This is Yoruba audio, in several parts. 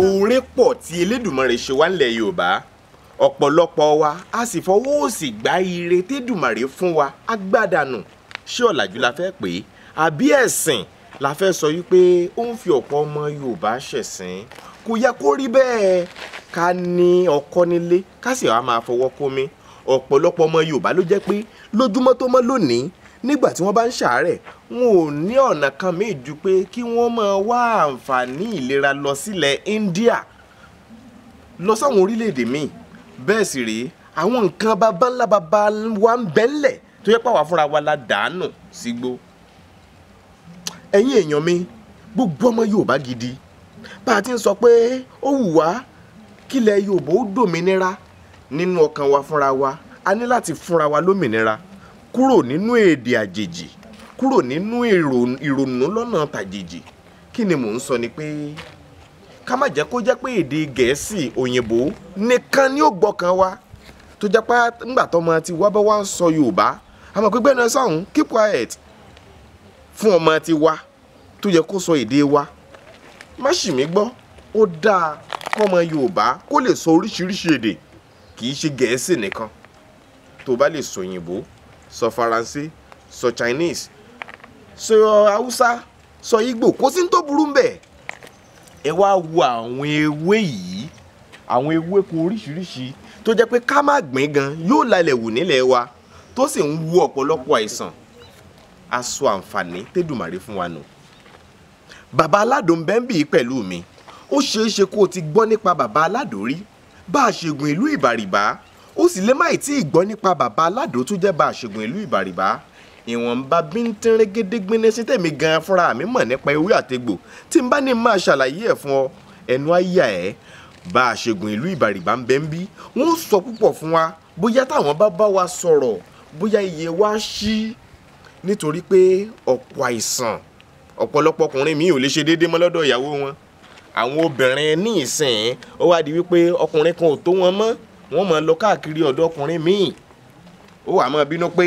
oore pọ̀ tí elédùmarè ṣe wá nílẹ̀ yorùbá ọ̀pọ̀lọpọ̀ wa a sì fọwọ́ òsì gba ire tédùmarè fún wa agbádànù ṣé ọ̀làjú la fẹ́ pè é àbí ẹ̀sìn la fẹ́ sọ wípé ó ń fi ọ̀pọ̀ ọmọ yorùbá ṣẹ̀sìn kò yẹ kó rí bẹ́ẹ̀ ká ní ọkọ nílé ká sì wá máa fọwọ́ kómi ọ̀pọ̀lọpọ̀ ọmọ yorùbá ló jẹ́ pé lójúmọ́ lónìí nígbà tí wọ́n bá ń ṣàárẹ̀ wọn ò ní ọ̀nà kan míì ju pé kí wọ́n máa wá àǹfààní ìlera lọ sílẹ̀ India lọ sáwọn orílẹ̀-èdè míì bẹ́ẹ̀ sì rèé àwọn nǹkan bàbá ńlá bàbá wa ń bẹ́ńlẹ̀ tó yẹ pàwọ́ fúnra wa la dànù sígbó ẹ̀yin èèyàn mi gbogbo ọmọ Yorùbá gidi bá a ti ń sọ pé ó wù wá kílẹ̀ Yorùbá ó dòmìnira nínú ọkàn wa fúnra wa a ní láti fúnra wa lómìnira kúrò nínú èdè àjèjì kúrò nínú ìrònú lọ́nà tàjèjì kí ni mò ń sọ ni pé ká má jẹ́ kó jẹ́ pé èdè gẹ̀ẹ́sì òyìnbó nìkan ni ó gbọ́kàn wa tó jẹ́ pé ńgbà tọ́mọ ti wá bá wá ń sọ yorùbá àmọ́ pé gbẹ́nu ẹ sọ̀hún keep quiet fún ọmọ ti wa tó yẹ kó sọ èdè wa má ṣì mí gbọ́ ó dáa kọ́mọ yorùbá kó lè sọ oríṣiríṣi èdè kì í ṣe gẹ̀ẹ́sì nìkan tó bá lè sọ òyìnbó sọ faransé sọ chinese sọ haúsá sọ igbo kò sí ní tó burú mbẹ̀ ẹ wá wo àwọn ewé yìí àwọn ewéko oríṣiríṣi tó jẹ́ pé ká má gbìn gan yóò lalẹ̀ wù nílẹ̀ wa tó sì ń wo ọ̀pọ̀lọpọ̀ àìsàn a sọ àǹfààní tẹ́dùmàrè fún wa nù. bàbá aládùn bẹ́ńbì pẹ̀lú mi ó ṣeé ṣe kó o ti gbọ́ nípa bàbá aládùn rí bá a ṣe gun ìlú ìbàrìbá ó sì lè má ì tí ì gbọ́ nípa bàbá aládò tó jẹ́ bá àṣègùn ìlú ìbàrìbá ìwọ̀nba bíntín régédé gbéné sí tèmi gan fúnra mi mọ̀ nípa ewé àtegbò tí n bá ní máa ṣàlàyé ẹ̀ fún ọ ẹnu àyà ẹ̀ bá àṣègùn ìlú ìbàrìbá ń bẹ́ ń bí wọ́n sọ púpọ̀ fún wa bóyá táwọn bá bá wa sọ̀rọ̀ bóyá iye wa ṣí nítorí pé ọ̀pọ̀ àìsàn ọ̀pọ̀lọpọ̀ ọkùnrin mi ò lè ṣe déédéé mọ́ lọ́dọ̀ ìyàwó wọn àwọn obìnrin ní ìsìn ó wá di wípé ọkùnrin kan ò tó wọn mọ́ wọ́n máa lọ káàkiri ọ̀dọ̀ ọkùnrin míì ó wá máa bínú pé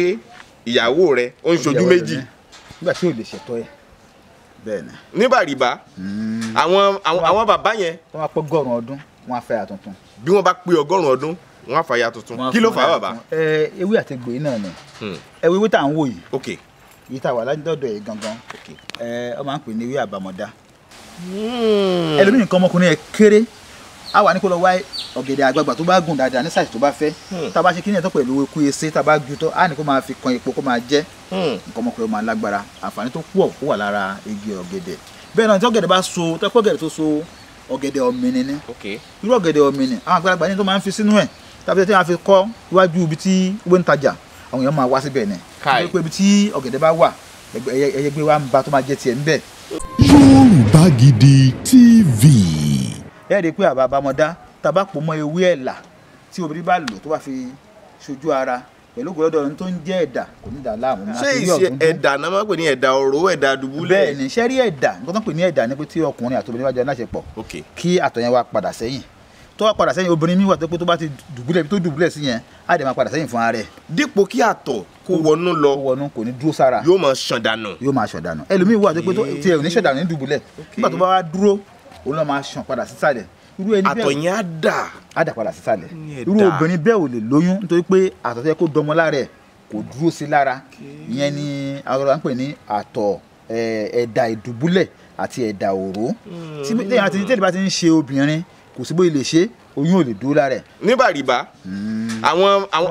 ìyàwó rẹ ó ń ṣojú méjì. nígbà tí ò lè ṣètọ́ ẹ. bẹ́ẹ̀ni. ní bàrìbá hmm. àwọn àwọn bàbá yẹn. wọ́n á pé ọgọ́rùn ọdún wọ́n á fẹ́ aya tuntun. bí wọ́n bá pé ọgọ́rùn ọdún wọ́n á fẹ́ aya tuntun kí ló fà á bàbá. ẹ ewé àti egbò yìí náà ni hmm. ewé wí tà ń wò yìí. ok yìí tà wà ládọ́dọ̀ yìí gangan ẹ ọ máa ń pè ní ewé àbàmọ̀dá. Hmm. ẹlòmíì nǹkan ọmọkùnrin yẹn kéré a wà ní kó lọ wá ọ̀gẹ̀dẹ̀ àgbààgbà tó bá gùn dáadáa ní sáìsì tó bá fẹ́ hmm. tá a bá ṣe kí ni ẹ̀tọ́ pẹ̀lú eku ese tá a bá ju tọ́ a ní kó máa fi kan epo kó máa jẹ́ hmm. nǹkan ọmọkùnrin máa lágbára àǹfààní tó pọ̀ kó wà lára igi ọ̀gẹ̀dẹ̀ bẹ́ẹ̀ náà tí ọ̀gẹ̀dẹ̀ bá so tẹ́kọ̀ ọ̀gẹ̀dẹ̀ tó so ọ̀gẹ̀dẹ̀ ọ̀mìnì ni irú ọ̀gẹ̀dẹ̀ ọ̀mìnì àwọn àgbàlagbà ní tó máa ń fi sínú ẹ̀ tàbí tí wọ́n fi kọ́ iwájú ibi tí ó ń tajà àwọn èèyàn máa wá síbẹ̀ ni Yorùbá Gidi TV ẹ rí i pé àbá àbámọ́dá tàbá pò mọ́ ewé ẹ̀là tí obìnrin bá lò tó bá fi ṣojú ara pẹ̀lú ògùn lọ́dọ̀ tó ń jẹ́ ẹ̀dà kò ní dà láàmú. ṣé ìṣe ẹ̀dà náà máa ń pè ní ẹ̀dà òró ẹ̀dà dùbúlẹ̀. bẹ́ẹ̀ ni ṣẹ́rí ẹ̀dà nǹkan tó ń pè ní ẹ̀dà ni pé tí ọkùnrin àti obìnrin bá jẹ aláṣepọ̀ kí àtọ̀ yẹn wá padà sẹ́yìn tó wá padà sẹ́yìn obìnrin míì wà tó pé tó bá ti dùbúlẹ̀ tó dùbúlẹ̀ sí yẹn á dẹ̀ máa padà sẹ́yìn fún ara ẹ̀. dípò kí àtọ̀ kó wọnú lọ kó wọnú kò ní dúró sára yóò máa ṣàn dànù. yóò máa ṣàn dànù ẹlòmíì wà tó pé tiẹ̀ ò ní ṣàn dànù ní dùbúlẹ̀ nígbà tó bá wá dúró òun ló máa ṣàn padà sísàlẹ̀ irú ẹni bẹ́ẹ̀ àtọ̀yìn á dà á dà padà sísàlẹ̀ irú obìnrin bẹ́ẹ̀ ò lè lóyún nítorí pé àtọ̀ tó yẹ kó dọmọ lára ẹ̀ kò dúró sí lára ìyẹn ni àwọn ọ̀rọ̀ ń pè ní àtọ̀ ẹ̀dà ìdùbúlẹ̀ àti ẹ̀dà òró hmm. tí tẹ́lẹ̀ bá ti ń ṣe obìnrin kò sí bóyá lè ṣe oyún ò lè dúró lára ẹ̀. ní bàrìbà hmm.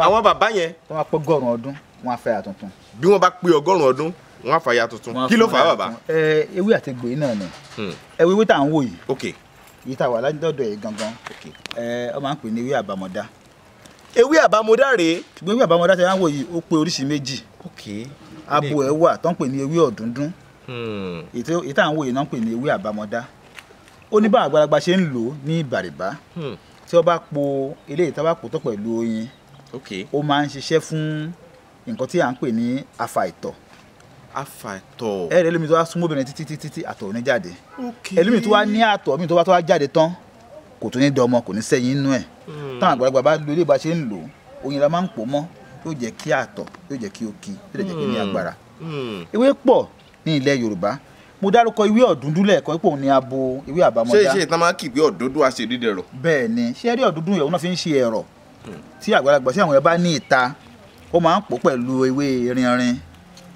àwọn bàbá yẹn. wọ́n á pé ọgọ́rùn-ún ọdún wọ́n á fẹ́ àtúntún. bí wọ́n bá pé ọgọ́rùn-ún ọdún wọ́n á fàyà tuntun kí ló fà á bàbá. ẹ ewé àti egbò yìí náà ni hmm. ewé ewé tá à ń wò yìí yìí tá a wà ládọ́dọ̀ yìí gangan ọ máa ń pè ní ewé àbámọ̀dá. ewé àbámọ̀dá rèé. ṣùgbọ́n ewé àbámọ̀dá tí wọ́n wò yìí ó pé oríṣi méjì abo ẹ̀ wà tó ń pè ní ewé ọ̀dúndún hmm. èyí tá à ń wò yìí náà ń pè ní ewé àbámọ̀dá ó ní bá àgbàlagbà ṣe ń lò ó ní ìbàrìbá hmm. tí wọ́n bá po eléyìí tá bá po tó pẹ̀lú oyin ó máa ń ṣiṣẹ́ fún nǹkan tí à ń pè ní afa ìtọ̀ afa tọ. ẹ rẹ lómi tó wá súnmọ́ títí títí tí àtọ̀ ní jáde. ok tó wá ní àtọ̀ mi tó wá tó wá jáde tán kò tó ní dán ọmọ kò ní sẹ́yìn inú ẹ̀. Hmm. táwọn àgbàlagbà bá lo ilé ṣe ń lò oyin la máa ń pò mọ́ yóò jẹ́ kí àtọ̀ yóò jẹ́ kí ó ki yóò jẹ́ kí ó ní hmm. agbára. Hmm. ewé pọ̀ ní ilẹ̀ yorùbá mo dárúkọ ìwé ọ̀dúndún lẹ́ẹ̀kan ipò ní abo ìwé àbámọ́dá. ṣé ṣe ìtàn máa kì í ọ̀dúndún a ṣe dídẹ̀ rọ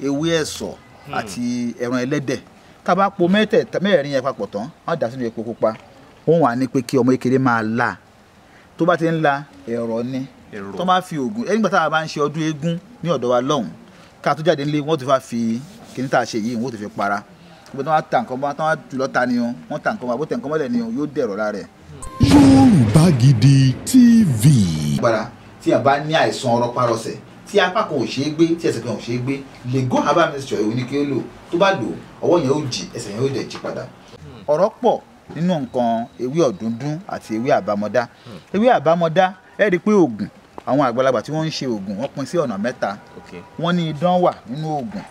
ewé ẹ̀sọ̀ hmm. àti ẹran ẹlẹ́dẹ̀ tá a bá po mẹ́rin yẹn papọ̀ tán wọ́n dà sínú epo pupa wọ́n wà pé kí ọmọ kékeré máa la tó bá ti ń la ẹ̀rọ ni tó máa fi oògùn ẹ̀yìn gbà bá ń ṣe ọdún eégún ní ọ̀dọ̀ wa lọ́hùn ká tó jáde nílé wọ́n ti fa fi kíní tá a ṣe yìí wọ́n ti fi para gbogbo tí wọ́n ta nǹkan bá tí wọ́n jùlọ ta ni wọ́n ta nǹkan bá bó tẹ̀ mọ́lẹ̀ ni yóò dẹ̀rọ̀ la rẹ̀. Yorùbá Gidi TV. gbàrà tí a bá ní àìsàn ọ̀rọ̀ parọ́sẹ̀ tí apá kan ò ṣeé gbé tí ẹsẹ̀ kan ò ṣeé gbé lego herbal mixture ìwé ni kí ó lò tó bá lò ọwọ́ yẹn ó jí ẹsẹ̀ yẹn ó dẹ̀ jí padà. ọ̀rọ̀ pọ̀ nínú nǹkan ewé ọ̀dúndún àti ewé àbámọ́dá ewé àbámọ́dá ẹ rí i pé oògùn àwọn àgbàlagbà tí wọ́n ń ṣe oògùn wọ́n pín sí ọ̀nà mẹ́ta wọ́n ní idán wà nínú oògùn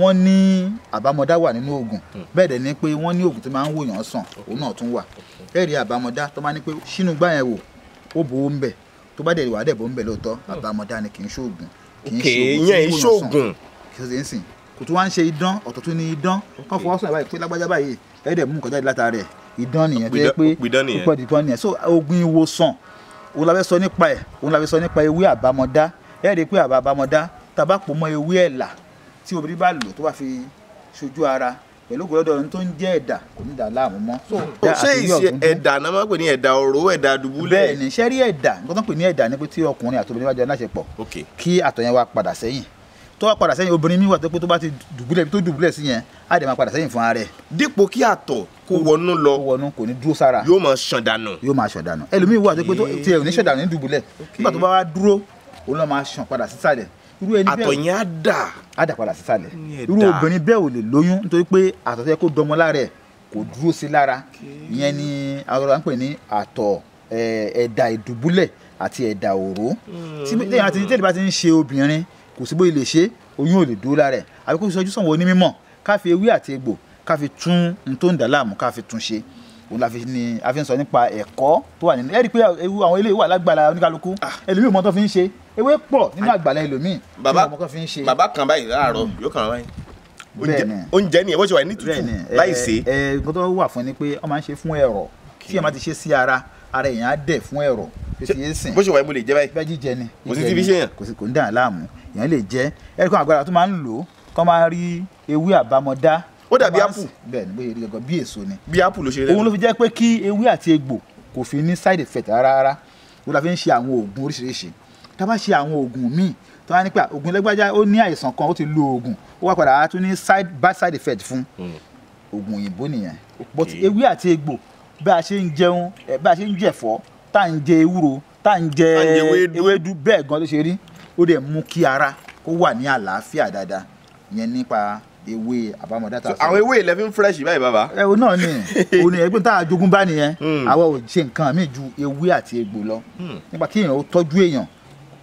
wọ́n ní àbámọ́dá wà nínú oògùn hmm. bẹ́ẹ̀ dẹ̀ ni pé wọ́n ní oògùn tó máa ń wòyàn sàn òun náà tún wà ẹ rí àbámọ́dá tó máa ní pé sínú gbá yẹn wò ó bò ó ń bẹ̀ tó bá dẹ̀ wà á dẹ̀ bò ń bẹ̀ lóòótọ́ hmm. àbámọ́dá ni kì í ṣoògùn kì í yẹn ìṣòògùn kò tún wá ń ṣe idán ọ̀tọ̀ tún ní idán kọ́ fọwọ́ sọ̀rọ̀ báyìí pé lágbájá báyìí ẹ̀ẹ́dẹ̀ mú nǹkan jáde látara rẹ̀ idán nìyẹn tó yẹ pé púpọ̀ dìpọ̀ nìyẹn so ogun ìwòsàn òun la fẹ́ sọ nípa ẹ̀ òun la fẹ́ sọ nípa ewé àbámọ́dá ẹ̀ẹ́dẹ̀ pé àbámọ́dá tabapò mọ́ ewé ẹ̀là tí obìnrin bá lò tó bá fi ṣojú ara pẹ̀lú gbọ́dọ̀ ohun tó ń jẹ́ ẹ̀dà kò ní dà láàmú mọ́. ṣé ìṣe ẹ̀dà náà máa ń pè ní ẹ̀dà òró ẹ̀dà dùbúlẹ̀. bẹ́ẹ̀ni sẹ́rí ẹ̀dà nǹkan tó ń pè ní ẹ̀dà ni pé tí ọkùnrin àti obìnrin bá jẹ aláṣepọ̀ kí àtọ̀ yẹn wá padà sẹ́yìn tó wá padà sẹ́yìn obìnrin mi wà tó pé tó bá ti dùbúlẹ̀ tó dùbúlẹ̀ sí yẹn á dẹ̀ máa padà sẹ́yìn fún ara ẹ̀. dípò kí àtọ̀ kó wọnú lọ kó wọnú kò ní dúró sára yóò máa ṣàn dànù. yóò máa ṣàn dànù ẹlòmíì wà tó pé tiẹ̀ ò ní ṣàn dànù ní dùbúlẹ̀ nígbà tó bá wá dúró òun ló máa ṣàn padà sísàlẹ̀ irú ẹni bẹ́ẹ̀ àtọ̀yìn á dà á dà padà sísàlẹ̀ irú obìnrin bẹ́ẹ̀ ò lè lóyún nítorí pé àtọ̀tẹ́ kó dọmọ lára ẹ̀ kò dúró sí lára ìyẹn ni àwọn àpè ní àtọ̀ ẹ̀dà ìdùbúlẹ̀ àti ẹ̀dà òró hmm. tí tẹ́lẹ̀ bá ti ń ṣe obìnrin kò sí bóyá lè ṣe oyún ò lè dúró lára ẹ̀ àbíkó ìṣojú sọ̀wọ́ onímọ̀ ká ewé àti egbò ká tún n láàmú ká tún ṣe òun la fi ni a fi ń sọ nípa ẹ̀kọ́ tó wà nínú ẹ rí i pé ewu àwọn eléyìí wà lágbàlá oníkálukú ah. ẹlòmíì mọ́tò fi ń ṣe ewé pọ̀ nínú ah. àgbàlá ẹlòmíì mọ́tò fi ń ṣe. bàbá kan báyìí láàárọ̀ mm. yóò kàn án báyìí oúnjẹ ni ẹ bó ṣe wà ní tútù láì ṣe. ẹ ẹ nǹkan tó wà fún ni pé wọ́n máa ń ṣe fún ẹ̀rọ̀ tí ẹ máa ti ṣe sí ara ara èèyàn á dẹ̀ fún ẹ̀rọ̀ bó ṣe wà mo lè jẹ báyìí. bẹ́ẹ̀ jíjẹ ni kò sí ó dàbí ápù bẹ́ẹ̀ni bóyá rí gangan bí èso ni bí ápù ló ṣe rẹ òun ló fi jẹ́ pé kí ewé àti egbò kò fi ní side effect rárá ó la fi ń ṣe àwọn oògùn oríṣiríṣi tá a bá ṣe àwọn oògùn míì tó wá nípa oògùn lẹ́gbàjá ó ní àìsàn kan ó ti lo oògùn ó wá padà á tún ní bad side effect fún hmm. oògùn òyìnbó nìyẹn but ewé àti egbò bá a ṣe ń jẹun eh, bá a ṣe ń jẹ̀fọ́ tá à ń jẹ ewúro tá à ń jẹ ewédú bẹ́ẹ̀ gan ló ṣe rí ó dẹ̀ mú kí ara kó wà ní àlàáfíà dáadáa ìyẹn nípa ewé àbámọ̀dá ta sọ. àwọn ewé eleven fresh báyìí bàbá. ẹ o náà ni òun ẹgbẹ́ tá a jogún bá nìyẹn hmm. àwa ò ṣe nǹkan mi ju ewé àti egbò lọ hmm. nípa kí èèyàn ó tọ́jú èèyàn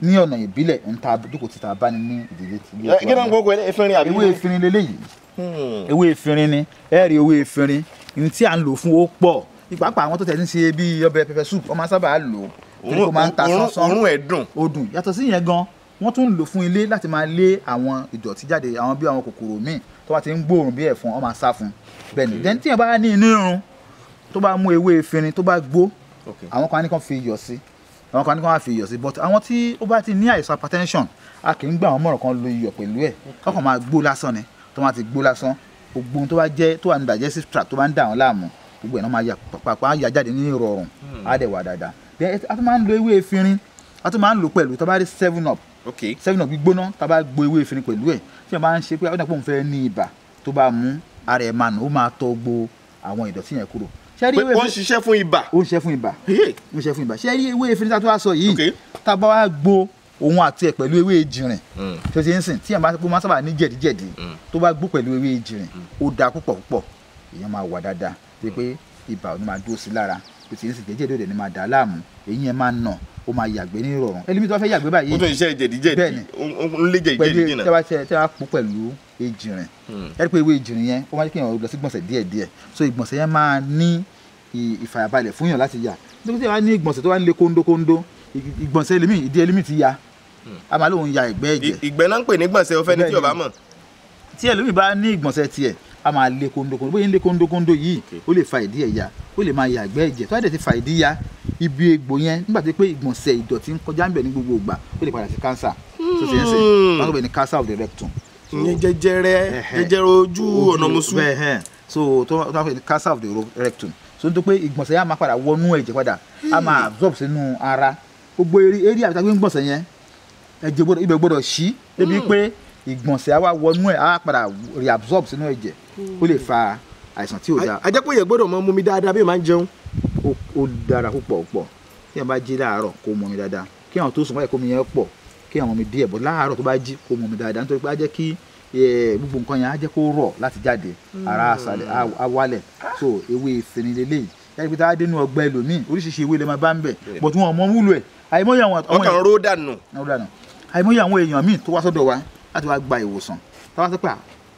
ní ọ̀nà ìbílẹ̀ níta dúkò títa bá ní ní ìdílé tí kí ló ń gbogbo efinrin àbí. ewé efinrin lélẹ́yìí hmm. ewé efinrin ni ẹ̀rí ewé efinrin ní tí à ń lò fún ó pọ̀ ìpàápàá àwọn tó tẹ̀ ń ṣe bíi ọbẹ̀ pepper soup wọ́n sábà lò kò máa ń ta sánsán òórùn ẹ̀ dùn ó yàtọ̀ sí yẹn gan wọ́n tún ń lò fún ilé láti máa lé àwọn ìdọ̀tí jáde àwọn bí àwọn kòkòrò míì tó bá ti ń gbóòrùn bí ẹ̀fọn ọ máa sá fún bẹ́ẹ̀ ni then tíyẹn bá ní inú irun tó bá mú ewé efinrin tó bá gbó àwọn kan á ní kàn fi iyọ̀ sí àwọn kan á ní kàn fi iyọ̀ sí but àwọn tí ó bá ti ní àìsàn hypertension a kì í gbà wọn mọ̀ràn kan lo iyọ̀ pẹ̀lú ẹ̀ kọ́kàn máa gbó lásán ni tó máa ti gbó lásán gbogbo tó bá jẹ́ tó wà ní digestive tract tó bá ń dà wọ́n láàmú gbogbo ẹ̀ náà máa yà pàpà yà jáde ní ìrọ̀rùn hmm. á dẹ̀ wà dáadáa a tún máa ń lo ewé efinrin a tún máa ń lò pẹ̀lú tó bá rí seven up seven up gbígbóná tá a bá gbo ewé efirin pẹ̀lú ẹ̀ tí wọ́n bá ń ṣe pé ọ̀dà pòun fẹ́ ní ibà tó bá mú ara ẹ̀ máa nù ó máa tọ́ gbo àwọn ìdọ̀tí yẹn kúrò. pé ó ń ṣiṣẹ́ fún ibà. ó ń ṣiṣẹ́ fún ibà ó ń ṣiṣẹ́ fún ibà ṣé ewé efirin tá a tó wá sọ yìí tá a bá wá gbo òun àti ẹ pẹ̀lú ewé ejìrìn tó hmm. ti ń sìn tí àwọn máa sábà ní jẹ̀díjẹ̀dí hmm. tó bá gbó pẹ̀lú ewé ejìrìn ó dáa púpọ̀ púpọ̀ èèyàn máa wà dáadáa pé ibà ò kò sì ń sì jẹ́jẹ́ lóde ni máa dà á láàmú eyín ẹ máa nà ó máa yàgbé ní ìrọ̀rùn ẹlẹ́mi wọ́n fẹ́ yàgbé báyìí. ó tún iṣẹ́ ìjẹ̀díjẹ̀dí ó ń lé jẹ̀díjẹ̀dí náà. pẹ̀lú tí wọ́n pọ̀ pẹ̀lú ejìrìn hmm. ẹ pé ewé ejìrìn yẹn ó máa ń kéèyàn lọ sí gbọ̀nsẹ̀ díẹ̀díẹ̀ so ìgbọ̀nsẹ̀ yẹn máa ní ìfàyàbalẹ̀ fún yàn láti yà nítorí tí wọ́n ní ìgbọ̀nsẹ̀ tó wá ń le kóńdókóńdó ìgbọ̀nsẹ̀ hmm. a máa lóun a máa lé kóńdókóńdó bóyá ń lé yìí ó lè fa ìdí ẹ̀ ó lè máa yàgbẹ́ ẹ̀jẹ̀ tó bá dẹ̀ ti fa ìdí ya ibi egbò yẹn nígbà tó pé ìgbọ̀nsẹ̀ ìdọ̀tí ń kọjá ń bẹ̀ ní gbogbo ìgbà ó lè padà sí cancer tó ti ń sè wọn bẹ̀ ní cancer of the rectum. ìyẹn jẹjẹrẹ jẹjẹrẹ ojú ọ̀nà musu. so tó wá pè cancer of the rectum so tó pé ìgbọ̀nsẹ̀ yẹn á máa padà wọnú ẹ̀jẹ̀ padà á hmm. máa absorb sínú ara gbogbo eré eré àbíta gbé ìgbọ̀nsẹ̀ yẹn ẹ̀jẹ̀ ibẹ̀ gbọ́dọ̀ ṣí débi hmm. pé ìgbọ̀nsẹ̀ á wá wọnú ẹ̀ á padà reabsorb sínú ẹ̀jẹ̀ ó lè fa àìsàn tí ò dáa. ajẹ́ pé èèyàn gbọ́dọ̀ mọ mumi dáadáa bí o máa ń jẹun ó dára púpọ̀ púpọ̀ kí èèyàn bá jí láàárọ̀ kó mumi dáadáa kí èèyàn tó sùn báyìí kó mi yẹn pọ̀ kí èèyàn mumi díẹ̀ bọ̀ láàárọ̀ tó bá jí kó mumi dáadáa nítorí pé á jẹ́ kí gbogbo nǹkan yẹn á jẹ́ kó rọ̀ láti jáde ara á wálẹ̀ so ewé ìsinmi lélẹ́yìí yàtọ̀ pé tá a dénú ọgbà ẹlòmíì oríṣiríṣi ewé lè máa bá ń bẹ̀ but wọn mọ wúlò ẹ̀ àìmọye àwọn ọmọ yẹn ró dànù àìmọye àwọn èèyàn míì tó wá sọ́dọ̀ wa láti wá gba ìwòsàn táwa sọ pé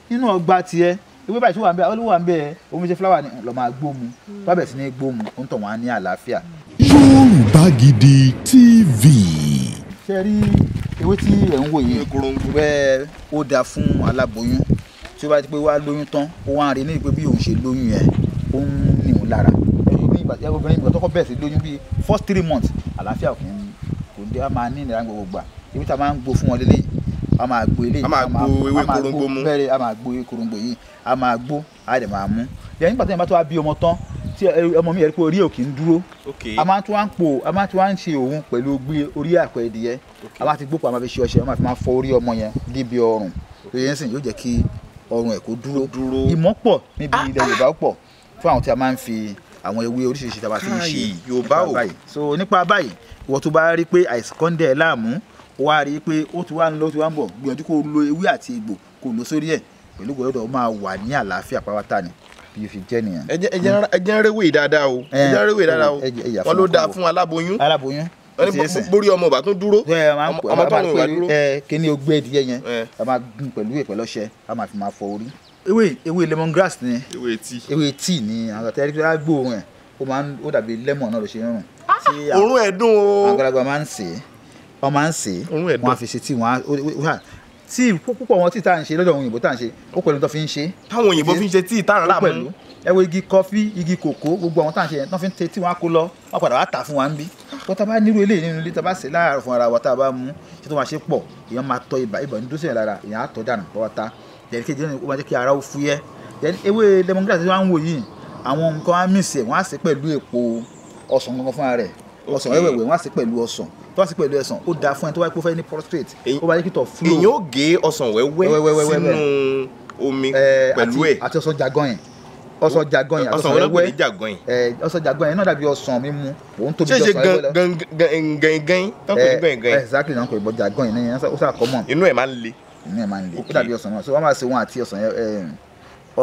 nínú ọgbà tiẹ̀ ewé báyìí tó wà ń bẹ olówó wà ń bẹ omi ṣe fúláwà ni lọ́ọ́ máa gbómu tó bẹ̀ sí ní gbómu ó ń tàn wá ní àlàáfíà. Yorùbá Gidi TV. ṣe rí ewé tí ẹ̀ ń wò yìí bẹ́ẹ̀ ó dáa fún aláboyún tí ó bá ti pé wá lóyún tán ó wá ń rí ní bí òun ṣe lóyún yẹn ó ń ní òun lára ní ìgbà tí obìnrin ìgbà tọkọ bẹ̀rẹ̀ sí lóyún bíi first three months àlàáfíà kò ń dé wá máa ní ìlera gbogbo gbà ewé tá a máa ń gbó fún wọn lélẹ́yìí a máa gbo eléyìí a máa gbo ewé korongbó mú a máa gbo ewé korongbó yìí a máa gbó a dẹ̀ máa mú yẹn nígbà tí yẹn bá tó wá bí ọmọ tán tí ọmọ mi yẹ pé orí òkè ń dúró a máa tún wá ń pò a máa tún wá ń ṣe òun pẹ̀lú gbé orí àpò ẹ̀dìyẹ a máa ti gbópo a máa fi ṣe ọṣẹ a máa fi máa fọ orí ọmọ yẹn débi ọrùn tó yẹn sìn yóò jẹ́ kí ọrùn ẹ̀ kó dúró ìmọ̀ pọ̀ níbi ah, ilẹ̀ ah. Yorùbá pọ̀ fún àwọn tí a máa ń fi àwọn ewé oríṣiríṣi tí a bá fi ń ṣe Yorùbá ò so nípa báyìí ìwọ tó bá rí pé àìsàn kan dẹ̀ láàmú ó wá rí i pé ó ti wá ń lọ ó ti wá ń bọ̀ gbìyànjú kó lo ewé àti egbò kó lọ sórí ẹ̀ pẹ̀lú gbọ́dọ̀ máa wà ní àlàáfíà pàápàá ni bí fi jẹ́ nìyẹn. ẹjẹ ń rẹwé dáadáa o ẹjẹ ń rẹwé dáadáa o wọn ló dáa fún aláboyún aláboyún borí ọmọ bá tún dúró ọmọ tó ń wà dúró. kíní o gbé ẹdìyẹ yẹn a máa gun pẹ̀lú ìpẹ́lẹ́ ọṣẹ a máa fi máa fọ orí. ewé ewé lemongrass ni ewé tíì ewé tíì ni àwọn àti ẹ̀rí tó bá gbóòórùn ẹ̀ ó máa ń ó dàbí lemon náà ló ṣe ń rùn. òórùn ẹ̀ dùn o. àgbàlagbà máa ń sè é wọ́n máa ń sè é wọ́n á fi ṣe tí wọ́n á tí púpọ̀ wọn tí tá à ń ṣe lọ́dọ̀ àwọn òyìnbó tá à ń ṣe ó pẹ̀lú tó fi ń ṣe. táwọn òyìnbó fi ń ṣe tíì tára láàmú. pẹ̀lú ẹ igi kọfí igi kòkó gbogbo àwọn tá à ń ṣe yẹn tó fi ń tẹ tí wọ́n á kó lọ wọ́n padà wá tà fún wa ń bí. wọ́n tá a bá nírú eléyìí nínú ilé tá a bá ṣe láàárọ̀ fún ara wa tá a bá mú ṣé tó máa ṣe pọ̀ èèyàn máa tọ ibà ibà nídó sẹ́yìn lára èèyàn á tọ́ dànù pọ́ta ewé lemongrass tí wọ́n á ń wò yìí àwọn ọsàn wẹ́wẹ̀wẹ́ wọ́n á sí pẹ̀lú ọsàn tó bá sí pẹ̀lú ẹ̀sàn ó dáa fún ẹ tó wáyé pé ó fẹ́ ní prostate ó bá yẹ kí tọ̀ flow. èyàn ó gé ọsàn wẹ́wẹ́ sínú omi pẹ̀lú ẹ̀ àti ọsàn jagan yẹn ọsàn jagan yẹn ọsàn wẹ́wẹ́ ọsàn jagan yẹn náà dàbí ọsàn mímu òun tóbi jọ ọsàn wẹ́wẹ́ lọ. ṣe ṣe gangan gangan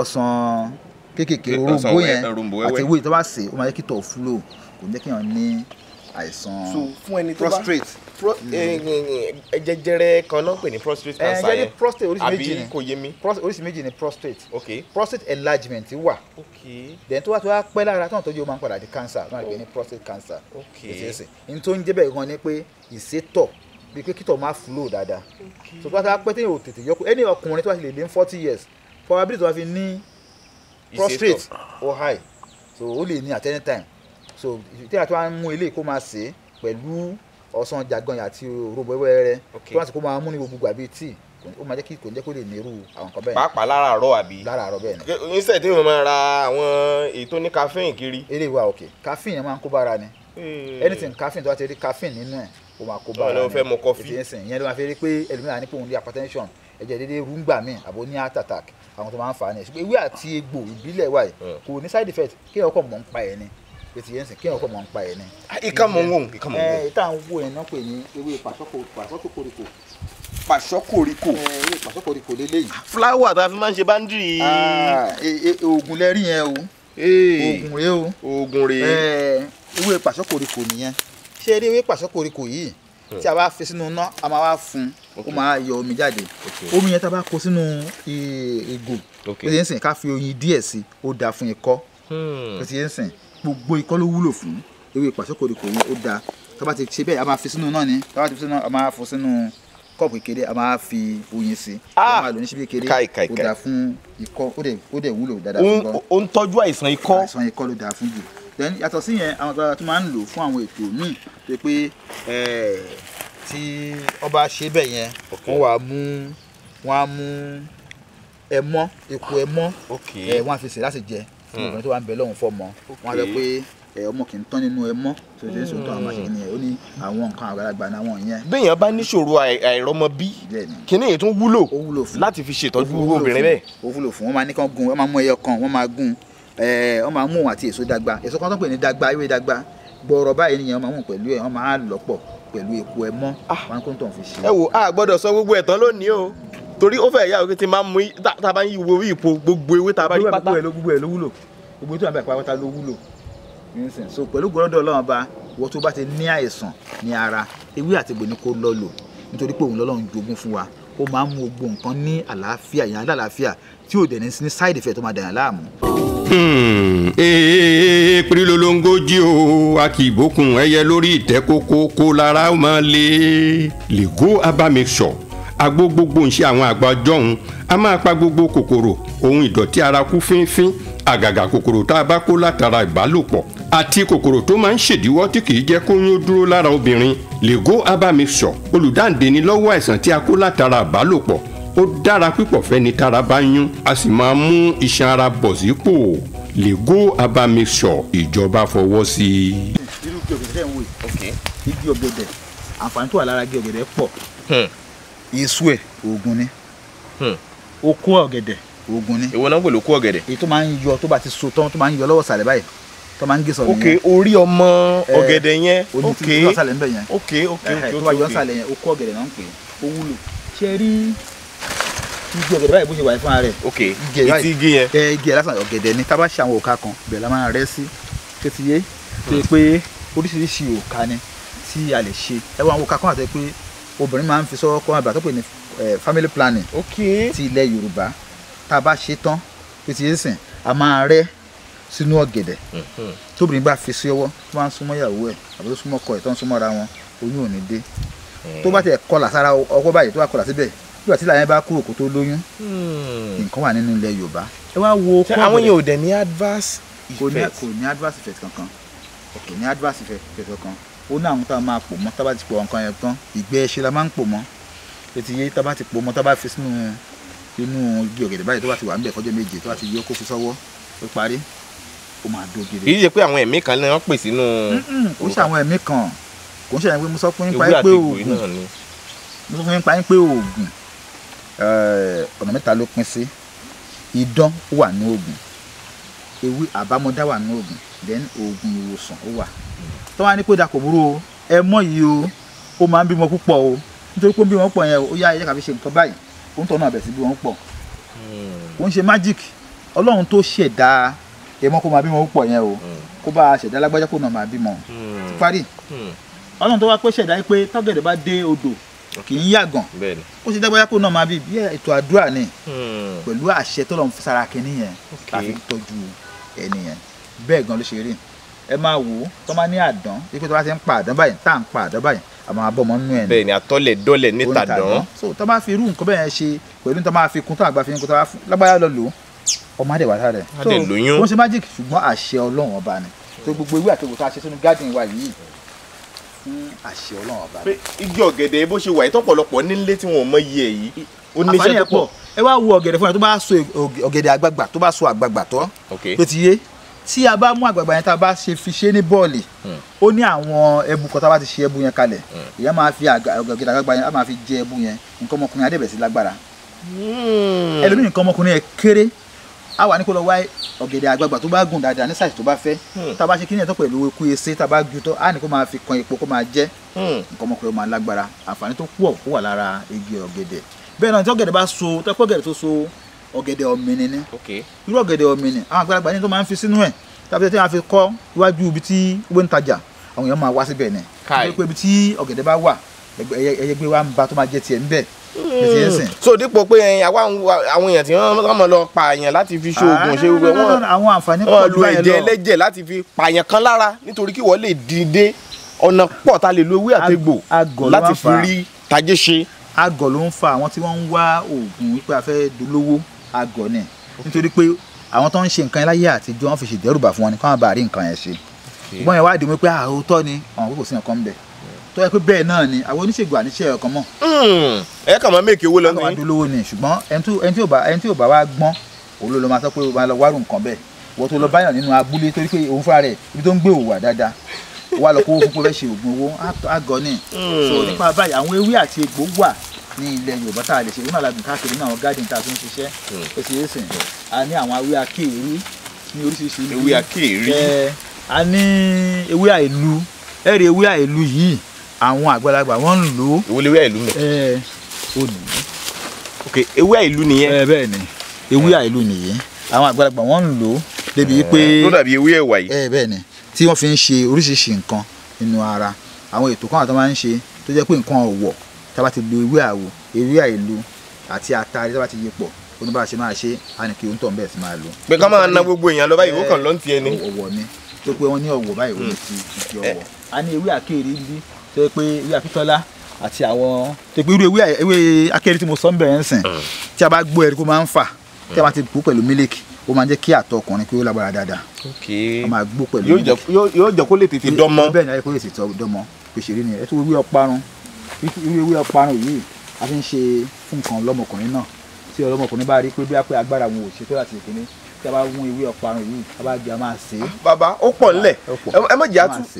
gangan kékèké orombo yẹn àti ewé tó bá sè é ó máa yẹ kí tọ̀ flow kò ní kí èèyàn ní àìsàn so fún ẹni tó bá prostrate hmm. eh, eh, eh, jẹjẹrẹ kan náà pè ní prostate cancer yẹn jẹjẹrẹ prostate oríṣi méjì ni àbí oríṣi méjì ni prostate okay prostate enlargement wà okay then tó wá tó wá pẹ́ lára tó ń tọ́jú ó máa ń padà di cancer tó ń pè ní prostate cancer okay ìṣeéṣe ní tó ń jẹ́ bẹ́ẹ̀ gan ni pé ìṣètọ̀ bíi pé kítọ̀ máa flow dáadáa so tó wá tó wá pẹ́ téèyàn ò tètè yọkù ẹni ọkùnrin tó wá ti lè lé ní forty years probability tó wá fi ní prostate ó high so ó lè ní at any time so tí a ti wá ń mú ilé kó máa sè é pẹ̀lú ọsàn jàgàn àti òróbó wẹ́rẹ́ tó máa sì kó máa mú ní gbogbo gbà bíi tíì ó máa jẹ́ kí kò ní jẹ́ kó lè nírú àwọn nǹkan bẹ́ẹ̀. pàápàá lára àárọ̀ àbí. lára àárọ̀ bẹ́ẹ̀ ni. níṣẹ́ tí mo máa ra àwọn èyí tó ní caffeine kiri. eré wa òkè caffeine yẹn máa ń kó bára ni anything caffeine tó bá ti rí caffeine nínú ẹ̀ ó máa kó bára ni. ọlọ́run fẹ́ mu kọfí. ètò ìsìn ìyẹn ló máa fi rí pé ẹlòmíràn ní pé òun ní hypertension ẹ̀jẹ̀ déédéé rúngbà míì àbò ní heart attack àwọn tó máa ń fà á ní ewé àti egbò ìbílẹ̀ wa yìí hmm. kò ní side effect kéèyàn kọ̀ mọ̀ ń pa ẹ̀ ni ètì yẹn sìn kí ọkọ mọ̀ ń pa ẹ̀ ni. ìka mọ̀ ń wò ìka mọ̀ ń wò. ìta ń wò yẹn náà pè ní ewé pàṣọkòrìkò. pàṣọkòrìkò. ewé pàṣọkòrìkò lélẹ́yìn. fúláwà tá a fi máa ń ṣe báńdìrì. E, e, oògùn lẹ́rí yẹn o. oògùn rèé o. oògùn rèé. ewé pàṣọkòrìkò nìyẹn. ṣé eré ewé pàṣọkòrìkò yìí hmm. tí a bá fi sínú iná a máa wá fún ó máa yọ omi jáde omi yẹn tá a bá kó sínú ìgò e, ó ti ń sìn ká fi oyin díẹ̀ sí ó dáa fún ikọ́ hmm. ó ti ń sìn gbogbo ikọ́ ló wúlò fún ewé pàṣẹkòrìkò yìí ó dáa tó bá ti ṣe bẹ́ẹ̀ a máa fi sínú náà ni tó bá ti fi sínú a máa fọ sínú kọ́ọ̀pù kékeré a máa fi oyin sí ah! a máa lò ní síbi kékeré ó dáa fún ikọ́ ó dẹ̀ wúlò dáadáa fún gan. ó ń tọ́jú àìsàn ikọ́ àìsàn ikọ́ ló dáa fún jù then yàtọ̀ sí yẹn àwọn àgbàlagbà tó máa ń lò fún àwọn ètò míì tó pé tí ọba ṣe bẹ́ẹ̀ yẹn wọ́n wàá mú wọ́n á mú ẹmọ́ epo ẹmọ́ wọ́n á fi sè láti jẹ tí obìnrin hmm. tó wà ń bẹ lọ́hùn fọmọ wọn á rẹ pé ọmọ kì í tán nínú ẹ mọ́ tó ṣe é sòtọ́ hmm. àwọn àṣekínì yẹn ó ní àwọn nǹkan àgbàlagbà náà wọ̀nyí yẹn. béèyàn bá níṣòro àìrọ́mọ bí kíní yìí tún wúlò láti fi ṣètọ́jú obìnrin bẹ́ẹ̀. ó wúlò fún wọn máa ní kán gun wọn máa mú ẹyọ kan wọn máa gun wọn máa mú òun àti èso dàgbà èso kan tó pè ní dàgbà ewé dàgbà gbọ̀ọ̀rọ̀ báyìí nìyẹn wọn máa mú pẹ̀lú ẹ̀ wọn máa lọ́pọ̀ pẹ̀lú epo ẹ mọ́ ah. wọn kó ń tàn fi ṣe. ẹ wo a gbọ́dọ̀ sọ gbogbo ẹ̀ tán lónìí o torí ó fẹ́ yà wípé tí máa ń mú tá a bá ń yí owó ipò gbogbo ewé tá a bá rí pátá. gbogbo ẹ̀ ló wúlò gbogbo tó wà bẹ́ẹ̀ pátá ló wúlò so pẹ̀lú gbọ́dọ̀ ọlọ́run ọba wọ́n tó bá ti ní àìsàn ní ara ewé àtìgbò ni kó lọ lò nítorí pé òun lọ́lọ́run jogún fún wa ó máa ń mú gbogbo nǹkan ní àlàáfíà ìyá àlàáfíà tí ò ní ní side effect tó máa dàyàn láàmú. Hmm, ee eh, pírí lolongoji o a kì í bókun ẹyẹ lórí ìtẹ́kókó kó lára ó máa le lè go abamixọ àgbo gbogbo ń ṣe àwọn àgbà ọjọ́un a máa pa gbogbo kòkòrò ohun ìdọ̀tí ara kú fínfín àgàgà kòkòrò tá a bá kó látara ìbálòpọ̀ àti kòkòrò tó máa ń ṣèdíwọ́ tí kì í jẹ́ kóyún dúró lára obìnrin lego abamisọ olùdáǹdè ni lọ́wọ́ àìsàn tí a kó látara ìbálòpọ̀ ó dára pípọ̀ fẹ́ni tára bá yún a sì máa mú iṣan ara bọ̀ sípò lego abamisọ ìjọba fọwọ́ sí i. irú kí ọ̀gẹ̀dẹ̀ ń wò yìí igi ọ̀gẹ̀dẹ̀ àǹfààní tó wà lára igi ọ̀gẹ̀dẹ̀ pọ̀ hmm èso ẹ̀ oògùn ni hmm. okó ọ̀gẹ̀dẹ̀ oògùn ni. ìwọ náà ń pè lókó ọ̀gẹ̀dẹ̀. èyí tó máa ń yọ tó bá ti so tán tó máa ń yọ lọ́wọ́ sàlẹ̀ báyìí tó máa ń gé sọ̀rọ̀ yẹn. ok orí ọmọ ọ̀gẹ̀dẹ̀ yẹn ok ok ok ok ok tó bá yọ sàlẹ̀ yẹn okó ọ̀gẹ̀dẹ̀ náà ń pè é ó wúlò ṣe rí igi ọ̀gẹ̀dẹ̀ báyìí bó ṣe wà fún ara rẹ̀. ok etí igi yẹn. ẹ igi yẹn lásán ọ̀gẹ̀dẹ̀ ni tábà ṣe àwọn òka kan bẹ́ẹ̀ la máa rẹ́ sí ṣé ti yé ṣe hmm. pé oríṣiríṣi òka ni tí a lè ṣe ẹ wọ àwọn òka kan àti pé obìnrin máa ń fi sọ́wọ́ kọ́ àbá tó pè ní eh, family planning okay. ti ilẹ̀ yorùbá tá a bá ṣe tán tó ti yé sìn a máa rẹ́ sínú ọ̀gẹ̀dẹ̀ mhm. tóbìnrin bá fi sí ọwọ́ tó máa ń súnmọ́ ìyàwó ẹ̀ àbí tó súnmọ́ ọkọ ẹ̀ tó ń súnmọ́ ara wọn oyún ò ní dé eh. tó bá tẹ̀ kọlà sára ọkọ báyìí tó bá kọlà síbẹ̀ nígbà tí làyẹn bá kúrò kó tó lóyún hmm. nǹkan wà nínú ilẹ̀ yorùbá. ẹ wá wo kọ́ àwọn yẹn ò dẹ̀ ní adverse effect. kò ní adverse effect kankan kò ní adverse effect kankan ó ní àwọn tá a máa pò mọ́ tá a bá ti pò nǹkan yẹn tán ìgbẹ́ ẹṣin la máa ń pò mọ́ etí yé tá a bá ti pò mọ́ tá a bá fi sínú inú igi ọ̀gẹ̀dẹ̀ báyìí tó bá ti wà ń bẹ̀ fọ́jọ́ méje tó bá ti yọ kó fi sọ́wọ́ ó parí ó máa dó gidi. kì í ṣe pé àwọn ẹ̀mí kan ni wọ́n pè sínú. kò ń ṣe àwọn ẹ̀mí kan kò ń ṣe àwọn ẹ̀mí mo sọ fún yín pa yín pé oògùn mo sọ fún yín pa yín pé oògùn eh, ọ̀nà mẹ́ta ló pín sí idán wà ní oògùn ewé àbámọ́dá wà ní oògùn then oògùn ìwòsàn ó wà tó wá ní pé dà burú o ẹ mọ̀ yìí o ó máa ń bímọ púpọ̀ o nítorí pé ó ń bímọ púpọ̀ yẹn o yá ẹ jẹ́ ká ṣe nǹkan báyìí ó ń tọ́nu àbẹ̀ bímọ púpọ̀ hmm. kò ń ṣe magic ọlọ́run tó ṣẹ̀dá ẹ mọ̀ kó máa bímọ púpọ̀ yẹn o hmm. kó bá ṣẹ̀dá lágbájá kó náà máa bímọ ti hmm. parí ọlọ́run tó wá pé ṣẹ̀dá pé tọ́gẹ̀dẹ̀ bá dé odò kì í yàgàn ó ṣe dágbáyà kó náà máa bí bí ètò àdúrà ni pẹ̀lú àṣẹ tó lọ́n bẹ́ẹ̀ gan ló ṣe rí ẹ máa wò ó tó máa ní àdán pípé tó bá ti ń pa àdán báyìí tá à ń pa àdán báyìí àmọ́ abọ́mọ nínú ẹ̀ ní. bẹ́ẹ̀ni àtọlẹ dọlẹ níta dán. so tó máa fi irú nǹkan bẹ́ẹ̀ yẹn ṣe pẹ̀lú tó máa fi kun tó àgbà fi kun tó máa fún lágbára lọ lò ó ọmọ adé wàtá rẹ. adé lóyún. wọ́n ṣe magic ṣùgbọ́n àṣẹ ọlọ́run ọba ni tó gbogbo ewé àtòkò tó a ṣe sínú garden wa yìí fún àṣẹ ọlọ́run ọba. pé igi ọ̀gẹ̀dẹ̀ bó ṣe wà yìí tọ́pọ̀lọpọ̀ nílé tí wọn ò mọ iye yìí ó ní iṣẹ́ tó pọ̀. ẹ tí a bá mú àgbàgbà yẹn tá a bá ṣe fi ṣe ní bọ́ọ̀lì hmm. ó ní àwọn ẹbu kan tá a bá ti ṣe ẹbu yẹn kalẹ̀ hmm. ìyá máa fi àgbàgbà àgbàgbà yẹn á máa fi jẹ ẹbu yẹn nǹkan ọmọkùnrin adébẹ̀ sí lágbára hmm. ẹlòmíì nǹkan ọmọkùnrin yẹn kéré á wà ní kó lọ wá ọ̀gẹ̀dẹ̀ àgbàgbà tó bá gùn dáadáa ní sáìsì tó bá fẹ́ tá a bá ṣe kí nìyẹn tó pẹ̀lú eku ese tá a bá ju tó á ní kó máa fi kan epo kó máa jẹ nǹkan ọmọkùnrin máa lágbára àǹfààní tó pọ̀ ó wà lára igi ọ̀gẹ̀dẹ̀ bẹ́ẹ̀ náà tí ọ̀gẹ̀dẹ̀ bá so tọ́pọ̀ tó so ọ̀gẹ̀dẹ̀ ọ̀mìnì ni irú ọ̀gẹ̀dẹ̀ ọ̀mìnì àwọn àgbàlagbà ní tó máa ń fi sínú ẹ̀ tàbí tí wọ́n fi kọ́ iwájú ibi tí owó ń tajà àwọn èèyàn máa wá síbẹ̀ ni káì pé ibi tí ọ̀gẹ̀dẹ̀ bá wà ẹyẹ gbé wa ń ba tó máa jẹ tiẹ̀ ńbẹ̀ hmm. so dípò pé àwa àwọn èèyàn tí wọ́n mọ̀ lọ pààyàn láti fi ṣoògùn ṣe wípé ah, wọ́n àwọn àǹfààní pọ̀ lu ẹ̀jẹ̀ ẹlẹ́jẹ̀ láti fi pààyàn kan lára nítorí kí wọ́n lè dìde ọ̀nà pọ̀ ta lè lo ewé àtegbò láti fi rí tajé ṣe. àgọ̀ ló ń fa àwọn tí wọ́n ń wá oògùn wípé a fẹ́ dolówó àgọ̀ ni nítorí pé àwọn tó ń ṣe nǹkan láyé àtijọ́ wọn fi ṣèdẹ́rùbà fún wọn ni káwọn bá rí nǹkan yẹn ṣe ṣùgbọ́n yẹn wádìí wípé àhótọ́ ni àwọn kò sí nǹkan bẹ̀ tó yẹ pé bẹ́ẹ̀ náà ni àwọn oníṣègùn àníṣe ọkàn mọ̀. Hmm. ẹ kàn máa méèkì owó lọ́nà yín. àwọn adolówó ni ṣùgbọ́n ẹni tí ò bá wá gbọ́n òun ló lọ máa sọ pé ó máa lọ wárò nǹkan bẹ́ẹ̀ wọ́n tó lọ báyọ̀ nínú abúlé torí pé òun fúnra rẹ̀ ibi tó ń gbé òwà dáadáa wà lọ kó owó fún pé fẹ́ ṣe oògùn owó àgọ́ ni. Hmm. so nípa báyìí àwọn ewé àti egbò wà ní ilẹ̀ yorùbá tá a lè ṣe òun àlàbùn káàkiri ní àwọn garden tá a fi ń ṣiṣẹ́ èsì hmm. a ní àwọn awé akéèrí ní oríṣiríṣi ìlú ewé akéèrí a ní ewé àìlú ẹ̀rí ewé àìlú yìí àwọn àgbàlagbà wọ́n ń lò ó. èwo lewé àìlú mẹ́. ẹ ò ní. ok ewé àìlú nìyẹn. ẹ bẹ́ẹ̀ ni ewé àìlú nìyẹn àwọn àgbàlagbà wọ́n ń lò ó débi pé. ló dàbí ewé ẹ̀wà yìí. ẹ bẹ́ẹ̀ ni tí wọ́n fi ń ṣe oríṣiríṣi nǹkan nínú ara àwọn ètò kan àti wọ́n máa ń ṣe tó jẹ́ pé nǹkan ọ̀wọ̀ tá a bá ti lo ewé àwò ewé àìlú àti àtàrí tá a bá ti yí pọ̀ oníbà ṣe máa ṣe á ní kí oúntọ̀ bẹ́ẹ̀ sì máa lò. pé ká máa na gbogbo èèyàn lọ báyìí ó kàn ló ń tiẹ̀ ni. ọ̀wọ̀ ni tó pé wọ́n ní ọ̀wọ̀ báyìí wọ́n mm. ti ti ọ̀wọ̀ a ní ewé àkéèrè bí tó pé ewé àkútọ́lá àti àwọn tó pé irú ewé àkéèrè tí mo sọ ń bẹ̀rẹ̀ ń sìn mm. tí a bá gbó ẹ̀rí kó máa ń fà tí a bá mm. ti bù pẹ̀lú mílíkì ó máa ń jẹ́ kí àtọ̀ ọkùnrin kí ó lágbára dáadáa a máa gbó pẹ̀lú mílíkì yóò jẹ́ kó lè tètè dọ́mọ irú ewé ọparun yìí a fi ń ṣe fún nǹkan ọlọ́mọkùnrin náà tí ọlọ́mọkùnrin bá rí pé bí agbára wọn ò ṣe tó láti ìkíní tí a bá mú ewé ọparun yìí a bá jẹ a máa ṣe bàbá ó pọ̀ ńlẹ̀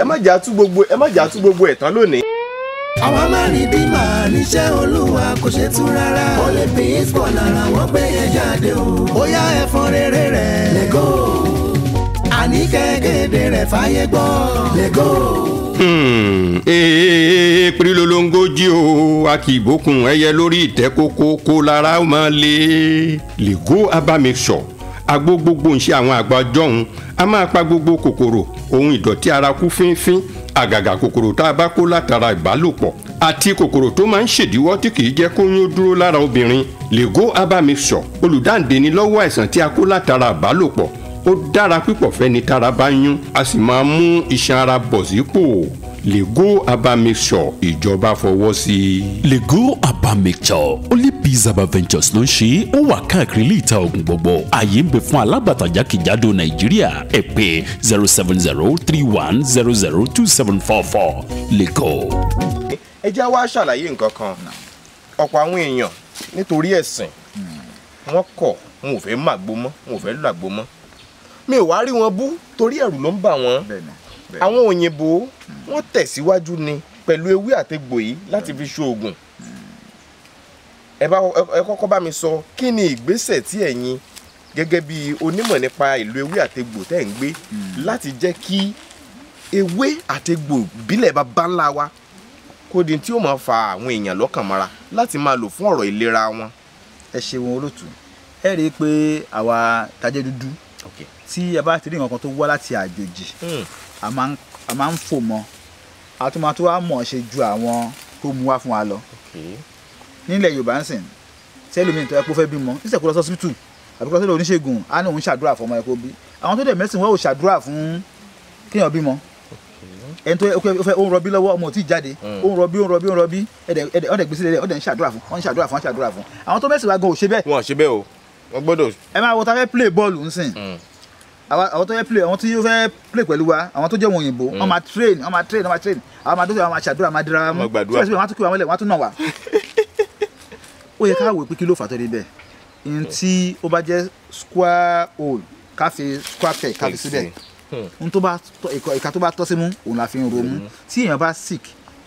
ẹ má jà tú gbogbo ẹ má jà tú gbogbo ẹ̀ tán lónìí. àwa máa bí màá níṣẹ́ olúwa kò ṣe tún rárá ó lè fi ìsbọ̀ lára wọ́n gbé yẹn jáde o ó yá ẹ̀fọn rere rẹ̀ lẹ́gọ́ àní rẹ̀ fàyè gbọ́ lẹ́gọ́ èèpì hmm. eh, eh, lolongo jí o a kì í bókun ẹyẹ lórí ìtẹ́ kókó kó lára ó máa lé lè go abamisọ agbó gbogbo ń ṣe àwọn àgbà jọ̀hún a máa pa gbogbo kòkòrò ohun ìdọ̀tí ara kú fínfín àgàgà kòkòrò tá a bá kó látara ìbálòpọ̀ àti kòkòrò tó máa ń ṣèdíwọ́ tí kì í jẹ́ kóyún dúró lára obìnrin lè go abamisọ olùdáǹdè ni lọ́wọ́ àìsàn tí a kó látara ìbálòpọ̀ ó dára pípọ̀ fẹ́ni tára bá yún a sì máa mú iṣan ara bọ̀ sípò lego aba mixture ìjọba fọwọ́ sí lego aba mixture only biz ventures ló ń ṣe ó wà káàkiri ilé ìta oògùn gbogbo ààyè ń bẹ fún alábàtà jákèjádò nàìjíríà ẹ pè zero seven zero three one zero zero two seven four four lego. ẹ jẹ́ wá ṣàlàyé nǹkan kan ọ̀pọ̀ àwọn èèyàn nítorí ẹ̀sìn wọ́n kọ̀ wọn ò fẹ́ máa gbó mọ́ wọn ò fẹ́ làgbó mọ́ mi ò wá rí wọn bú torí ẹ̀rù ló ń bà wọ́n àwọn òyìnbó hmm. wọ́n tẹ̀síwájú ni pẹ̀lú ewé àtegbò yìí láti hmm. fi ṣoògùn hmm. ẹ bá ẹ kọ́kọ́ bá mi sọ kí ni ìgbésẹ̀ tí ẹ̀yin gẹ́gẹ́ bí onímọ̀ nípa ìlú ewé àtegbò tẹ́ ń gbé láti jẹ́ kí ewé àtegbò ìbílẹ̀ bàbá ńlá wa kó tí ó máa fa àwọn èèyàn lọ́kàn mọ́ra láti máa lò fún ọ̀rọ̀ ìlera wọn. ẹ ṣeun olótùú ẹ rí i pé àwa tajẹ́ dúdú tí ẹ bá ti rí nǹkan tó wá láti àjòjì hmm. a máa ń fò mọ́ a tún máa tó wá mọ̀ ṣe ju àwọn tó mú wá fún wa lọ nílẹ̀ Yorùbá ń sìn tẹ́lómi tó yẹ kó fẹ́ bímọ níṣẹ́ kó lọ sọ́sibítù àbí kó lọ sọ́dọ̀ oníṣègùn á ní òun ṣàdúrà fún ọmọ ẹ̀ kó bí àwọn tó dẹ̀ mẹ́sìn wọ́n ò ṣàdúrà fún kéèyàn bímọ ẹni tó fẹ́ ó ń rọbí lọ́wọ́ ọmọ ò tí ì jáde hmm. ó ń rọbí ó ń rọbí ó ń rọbí ẹ̀dẹ̀ ọ̀dẹ̀ gbèsè lẹ́dẹ̀ ọ̀dẹ̀ ń ṣàdúrà fún wọ́n ń ṣàdúrà fún wọ́n ń ṣàdúrà fún àwọn tó mẹ́sìn wa gan ò ṣe bẹ́ẹ̀. wọn ò ṣe bẹ́ẹ̀ o wọn gbọ́dọ̀. ẹ máa wo ta fẹ́ play bọ́ọ̀lù ń sìn hmm àwọn tó fẹ́ play àwọn tí yóò fẹ́ play pẹ̀lú wa àwọn tó jẹ́ wọn òyìnbó wọn mm. máa train wọn máa train wọn máa train àwọn máa dókè àwọn máa ṣàdúrà máa dira mú síbẹ̀síbẹ̀ wọn á tún kí wọn mọ́lẹ̀ wọn á tún nà wá. ó yẹ ká wò pé kí ló fà tó dé bẹ́ẹ̀ n hmm. tí ó bá jẹ́ square hole ká fi square peg ká fi síbẹ̀ hmm. n tó bá ìka tó bá tọ́ sí mú òun la fi ń romú hmm. tí èèyàn bá sick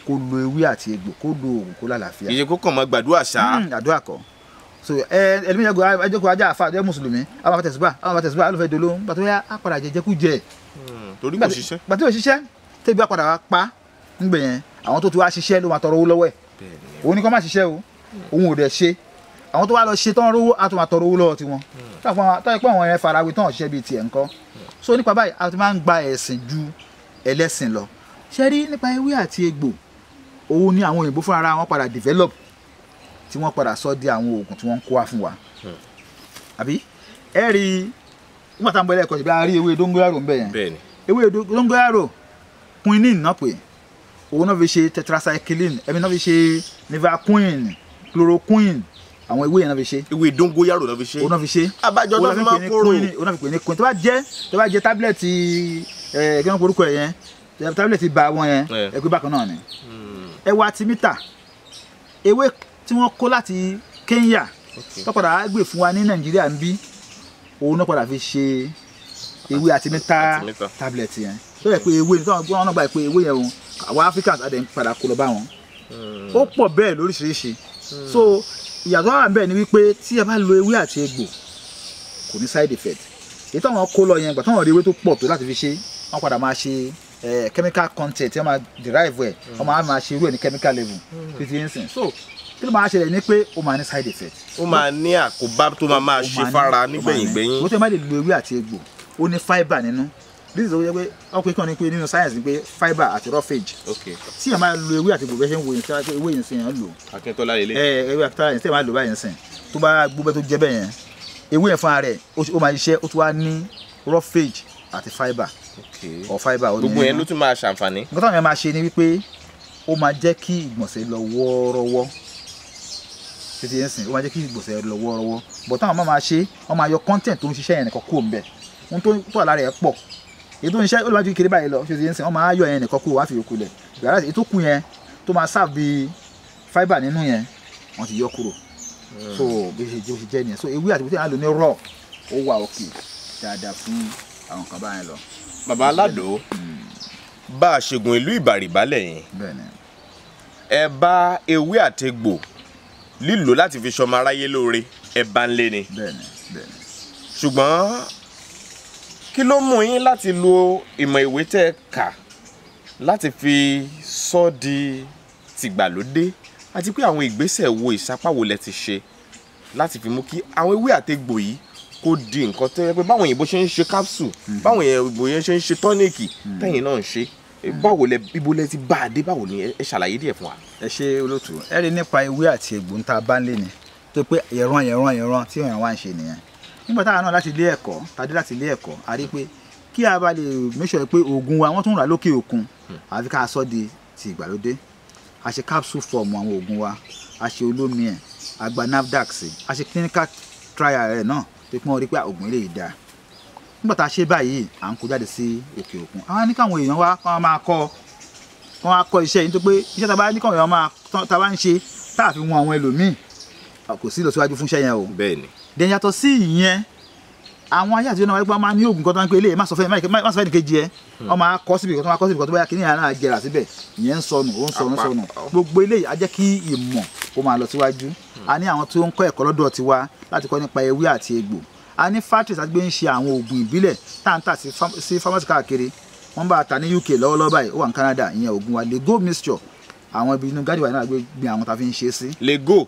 kó lo ewé àti egbò kó lo oògùn kó lálàáfíà. ìyẹn so eh, ẹ ẹlẹ́mí yẹn gba ẹjọ́kọ̀ ajá àfa àjọ mùsùlùmí àwọn àbá tẹ̀síbà àwọn àbá tẹ̀síbà àlùfẹ́ dolo pàtó yá apàdà jẹjẹkú jẹ. Hmm, torí kò ṣiṣẹ́. pàtó yóò ṣiṣẹ́ tẹ́gbẹ́ apàdà wa pa ńgbè yẹn àwọn tó ti wá ṣiṣẹ́ ló máa tọrọ owó lọ́wọ́ ẹ̀ òun ni kọ́ máa ṣiṣẹ́ o òun ò dẹ̀ ṣe àwọn tó wá lọ ṣe tán rówó á tún máa tọrọ owó lọ́wọ́ tiwọn hmm. táwọn pé àwọn yẹn farawé tán ṣiṣẹ́ bíi tiẹ̀ ńkọ́ hmm. so a ti máa ń ju ẹlẹ́sìn lọ ṣe rí nípa ewé àti egbò òun ni àwọn òyìnbó fúnra wọn padà develop tí wọ́n padà sọ di àwọn oògùn tí wọ́n ń kó wá fún wa àbí ẹ rí nígbà tá à ń bọ ilé ẹ̀kọ́ ṣe bí a rí ewé dóngóyàrò ń bẹ yẹn ewé dóngóyàrò quinine náà pè òun náà fi ṣe tetracycline ẹ̀mí náà fi ṣe nivaquine chloroquine àwọn ewé yẹn náà fi ṣe. ewé dongoyaro náà fi ṣe. òun náà fi ṣe. abájọ náà fi máa kóró. òun náà fi pè ní kóyin tó bá jẹ tó bá jẹ tábìlẹ̀tì ẹ kí wọ́n porúkọ ẹ̀ yẹn tábìlẹ̀tì bá wọn yẹn ẹ pé bákan náà ni. Hmm. ẹ̀wà àti ewé tí wọ́n kó láti Kenya tó padà á gbè fún wa ní Nàìjíríà ń bí òun náà padà fi ṣe ewé àti mẹ́ta tablet yẹn tó yẹ pé ewé ní táwọn gbọ́n náà gbà pé ewé yẹn òun àwọn Africans àdẹ̀ ń padà kó lọ bá wọn hmm. ó pọ̀ bẹ́ẹ̀ lóríṣiríṣi hmm. so ìyàtọ̀ wà bẹ́ẹ̀ ni wípé tí a bá lo ewé àti egbò kò ní side effect èyí táwọn kó lọ yẹn gbà táwọn rí ewé tó pọ̀ tó láti fi ṣe wọ́n padà máa ṣe eh, chemical content wọ́n máa derive ẹ̀ hmm. wọ́n máa ṣe irú ẹ̀ ní chemical level fifty eight cents so kí ló máa ṣẹlẹ̀ ni pé ó máa ní side effect. ó máa ní àkóbá tó máa máa ṣe fara nígbẹ̀yìngbẹ̀yìn. wọ́n tẹ́ máa lè lu ewé àti egbò ó ní fiber nínú this is wọ́n pé ọkùnrin kan ni pé nínú science ni pé fiber àti roughage. tí yẹn máa lu ewé àti egbò bẹ́ẹ̀ ṣe ń wo ewé yẹn sìn yẹn lò. akẹ́tọ́lá lè lé. ẹ ewé akẹ́tọ́lá yẹn tí yẹn máa lò báyẹn sìn tó bá gbóbẹ́ tó jẹ́ bẹ́ẹ̀ yẹn ewé yẹn fúnra rẹ̀ ó máa ṣiṣẹ́ ó tún wá ní roughage àti fiber. Okay. or fiber. gbogbo yẹn ló tún máa ṣàǹfààní. nǹkan táwọn yẹn máa ṣe ni wípé ó máa jẹ́ kí ìgbọ̀nsẹ̀ lọ wọ́ọ́rọ́wọ́ ṣe ti yẹn sìn ó máa jẹ́ kí ìgbọ̀nsẹ̀ lọ wọ́ọ́rọ́wọ́ bọ̀ táwọn máa máa ṣe wọ́n máa yọ content tó ń ṣiṣẹ́ yẹn nìkan kúrò ńbẹ̀ ohun tó wà lára ẹ̀ pọ̀ èyí tó ń ṣiṣẹ́ ó lọ́jú kiri báyìí lọ ṣe ti yẹn sìn wọ́n máa yọ yẹn nìkan kúrò wá fi yòókù lẹ̀ yàrá èyí tó kù yẹn tó máa serve bí fiber nínú yẹn wọ́n ti yọ kúrò hmm. so bí ṣe jẹ́ jẹ́ nìyẹn so ewé àti bùtẹ́ àlò ní raw ó hmm. a ṣègùn lílò láti fi ṣọmọ aráyé lóore ẹ̀bá ńlé ni ṣùgbọ́n kí ló mú yín láti lo ìmọ̀ ìwé tẹ́ ẹ kà láti fi sọ di tìgbàlódé àti pé àwọn ìgbésẹ̀ wo ìsapá wo lẹ ti ṣe láti fi mú kí àwọn ewé àtegbò yìí kó di nǹkan tó yẹ pé báwọn òyìnbó ṣe ń ṣe capsule hmm. báwọn òyìnbó yẹn ṣe ń ṣe tọ́níìkì hmm. tẹ̀yìn náà ń ṣe. Eh, báwo lẹ ibo lẹ ti bá a dé báwo ni ẹ ṣàlàyé díẹ̀ fún wa. ẹ ṣe olóòtú ẹ rí nípa ewé àti egbò ń ta bá ń lé ni tó pé ẹ̀ràn ẹ̀ràn ẹ̀ràn tí èèyàn wá ń ṣe nìyẹn nígbà táwọn náà láti ilé ẹ̀kọ́ tàdé láti ilé ẹ̀kọ́ a rí pé kí a bá lè mẹ́sọ̀ pé oògùn wa wọ́n tún rà lókè òkun hmm. àfi ká a sọ di ti ìgbàlódé a ṣe capsule form àwọn oògùn wa a ṣe olómi ẹ̀ a gba nafdac a ṣe clinical trial rẹ̀ náà tó pé wọ́n rí pé oògùn eléyìí dáa nígbà tá a ṣe báyìí à ń kó jáde sí òkè òkun àwọn ní káwọn èèyàn wa kọ́ máa kọ́ kọ́ máa kọ́ iṣẹ́ yìí tó pé iṣẹ́ tá a bá ní káwọn èèyàn máa tá a bá ń ṣe tá a fi wọn àwọn ẹlòmíì kò sí ìlọsíwájú fún iṣẹ́ yẹn o. bẹ́ẹ̀ni. dẹ̀yìn yàtọ̀ sí ìyẹn àwọn ayé àtijọ́ náà wáyé pé wọ́n máa ní oògùn kan tó ń pè é lè má sọ fẹ́ má sọ fẹ́ nìkejì ẹ wọ́n máa kọ́ síbi kan tó máa kọ́ síbi kan tó bá yà kí ní àná àjẹrà síbẹ̀ ìyẹn ń sọnù ó ń sọnù sọnù gbogbo eléyìí á jẹ́ kí ìmọ̀ kó máa lọ síwájú a ní àwọn tó ń kọ́ ẹ̀kọ́ lọ́dọ̀ tiwa láti kọ́ nípa ewé àti egbò a ní factories àti gbé ń ṣe àwọn oògùn ìbílẹ̀ tá à ń tà sí pharmacy káàkiri wọ́n bá ta ní UK lọ́wọ́lọ́wọ́ báyìí ó wà ní Canada ìyẹn oògùn wa lego mixture àwọn ibi inú gádìwá náà gbé àwọn tá a fi ń ṣe sí. lego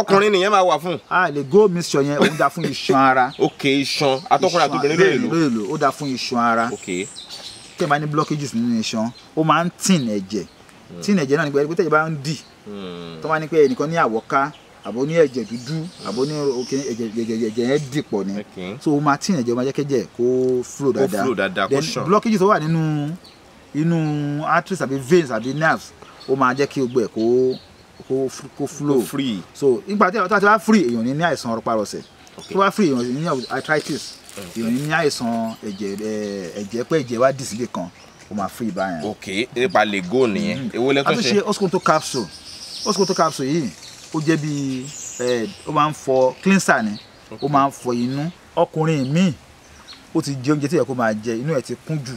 ọkùnrin nìyẹn máa wà fún. ah lego mixture yẹn òun da fún iṣan ara. ok iṣan atọ́kùnrin àtòbìnrin lóye lò. lóye lò ó da fún iṣan ara. ok tẹ́ ẹ bá ní blockages nínú iṣan ó máa ń tìn ẹ̀jẹ̀ hmm. tìn ẹ̀jẹ̀ náà nígbà pé tẹ́jẹ̀ bá ń dì hmm. tó máa ní pé ẹnìkan ní àwọ̀ká àbò ní ẹ̀jẹ̀ dúdú àbò ní ẹ̀jẹ̀ yẹn dìpọ̀ ni so o máa tí ẹ̀jẹ̀ o máa jẹ́ kẹ́jẹ̀ kó flow dáadáa kó flow dáadáa kó sàn then blockage tó wà nínú inú arteries àbí veins àbí nerves o máa jẹ́ kí o gbẹ̀ kó kó flow so nígbà tí a ti bá free èèyàn ní ní àìsàn rọparọsẹ̀ a bá free èèyàn ní arthritis èèyàn ní ní àìsàn ẹ̀jẹ̀ ẹ̀jẹ̀ pé ẹ̀jẹ̀ wá dì sílé kan o máa free báyẹn. ok nípa lego nìyẹn ewúlẹ́ tó ṣe. a tún ṣe oscoto capsule oscoto capsule yìí ó jẹ́ bí ó máa ń fọ cleanser ni ó máa ń fọ inú ọkùnrin míì ó ti jẹ oúnjẹ tí yẹ kó máa jẹ inú ẹ̀ ti kún jù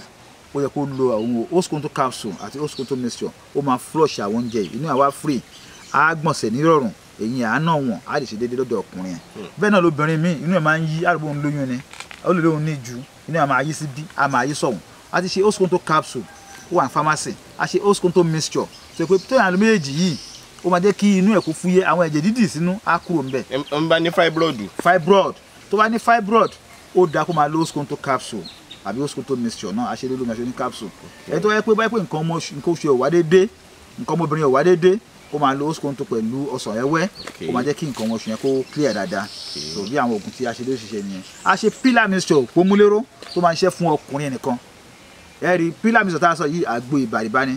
ó yẹ kó lo àwọn osconto capsule àti osconto mixture ó máa flush àwọn oúnjẹ yìí inú àwa free á gbọ̀nsẹ̀ nírọ̀rùn èyí àánà wọn á lè ṣe déédéé lọ́dọ̀ ọkùnrin yẹn hmm. bẹ́ẹ̀ náà lóbìnrin míì inú ẹ̀ máa ń yí àrùbọ̀ òun lóyún ni ó lè lóun ní ju inú ẹ̀ máa yí sí bí a máa yí sọ̀hún a ti ṣe osconto capsule ó wà ní pharmacy a ṣe osconto mixture ṣe pé tó yàn án méjèèjì yìí ó máa jẹ́ kí inú ẹ̀ kó fúyẹ́ àwọn ẹ̀jẹ̀ dídì sínú á kúrò ń bẹ̀. ń bá ní fibroid. fibroid tó bá ní fibroid ó dáa kó máa lo oskonto capsule àbí oskonto mixture náà aṣèlú lómi aṣèlú ní capsule ẹ̀ tó wáyé pé báyìí pé nǹkan ọmọ nǹkan oṣù ẹ̀ wá déédéé nǹkan ọmọbìnrin ẹ̀ wá ó máa lo oskonto pẹ̀lú ọsàn ẹ̀wẹ́ ó máa jẹ́ kí nǹkan ọmọ oṣù yẹn kó clear dáadáa tó bí àwọn oògùn tí aṣèlú ṣiṣẹ́ nìyẹn a ṣe pillar mixture gbómúléró tó máa ń ṣiṣẹ́ fún ọkùnrin nìkan ẹ̀rí pillar mixture tá a sọ yìí àgbo ìbàdìbá ni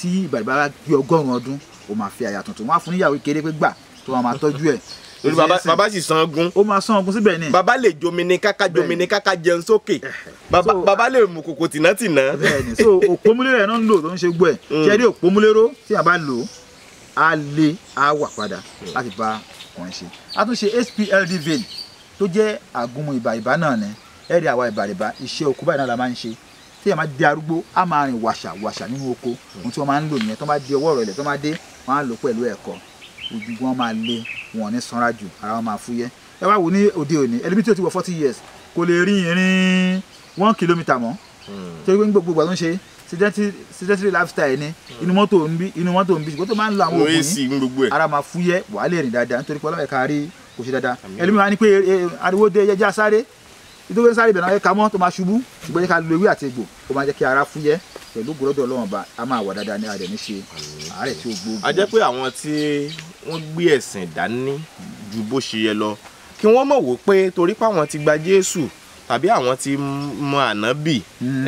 tí ìbàdìbá gbé ọgọ́rùn-ún ọdún o máa fi àyà tuntun wọn á fún níyàwó kéré pé gbà tó máa tọ́jú ẹ̀ lórí baba baba sì san gun ó máa san ogun síbẹ̀ ni baba lè jomini kaka jomini kaka jẹun sókè baba baba lè mú kòkò tìná tìná. bẹ́ẹ̀ni so òpómúlérò ẹ náà ń lò tó ń ṣe gbọ mm. ẹ ṣe rí òpómúlérò tí a bá lò á lé á wà padà láti bá ọkùnrin ṣe a tún ṣe HPLD vein tó jẹ́ àgúnmu ìbà ìbá náà ni ẹ rí àwa ìbà ìbá iṣẹ́ okú báyìí náà la máa ń ṣe tí a máa di arúgbó a máa rìn wàṣà wàṣà nínú oko ohun tí wọ́n máa ń lò nìyẹn tó máa di ọwọ́ ọ̀rọ̀ tó máa dé wọ́n á lò pẹ̀lú ẹ̀kọ́ ojú wọn máa le wọn ní sanra jù ara wọn máa fúyẹ́ ẹ wá wò ní òde òní ẹlẹ́bí tí ó ti wọ forty years kò lè rí ìrìn one kilometre mọ́ hmm. torí pé gbogbo ìgbà tó ń ṣe sedentary lifestyle ni hmm. inú mọ́tò ń bí inú mọ́tò ń bí ṣùgbọ́n tó máa ń lo àwọn òògùn ara máa fúyẹ́ wàá lè rìn dáadáa nítorí pé ọlọ́mọ̀ẹ́ ká rí kò ṣe dáadáa ẹlẹ́bí wa ni pé ariwo dé yẹjẹ́ asáré nítorí sáré ìbẹ̀rẹ̀ náà ẹ ká mọ́ tó máa ṣubú ṣùgbọ́n yẹ ká lo ewé àti egbò ó máa jẹ́ kí ara fúyẹ́ pẹ̀lú gbọ́dọ̀ lọ́wọ́n ba a máa wà dáadáa ní adẹ̀ ní ṣe àárẹ̀ tí ó gbogbo. a jẹ́ pé àwọn tí wọ́n gbé ẹ̀sìn dání ju bó ṣe yẹ lọ kí wọ́n mọ̀ wò pé torí pé àwọn ti gba Jésù tàbí àwọn ti mọ ànábì hmm.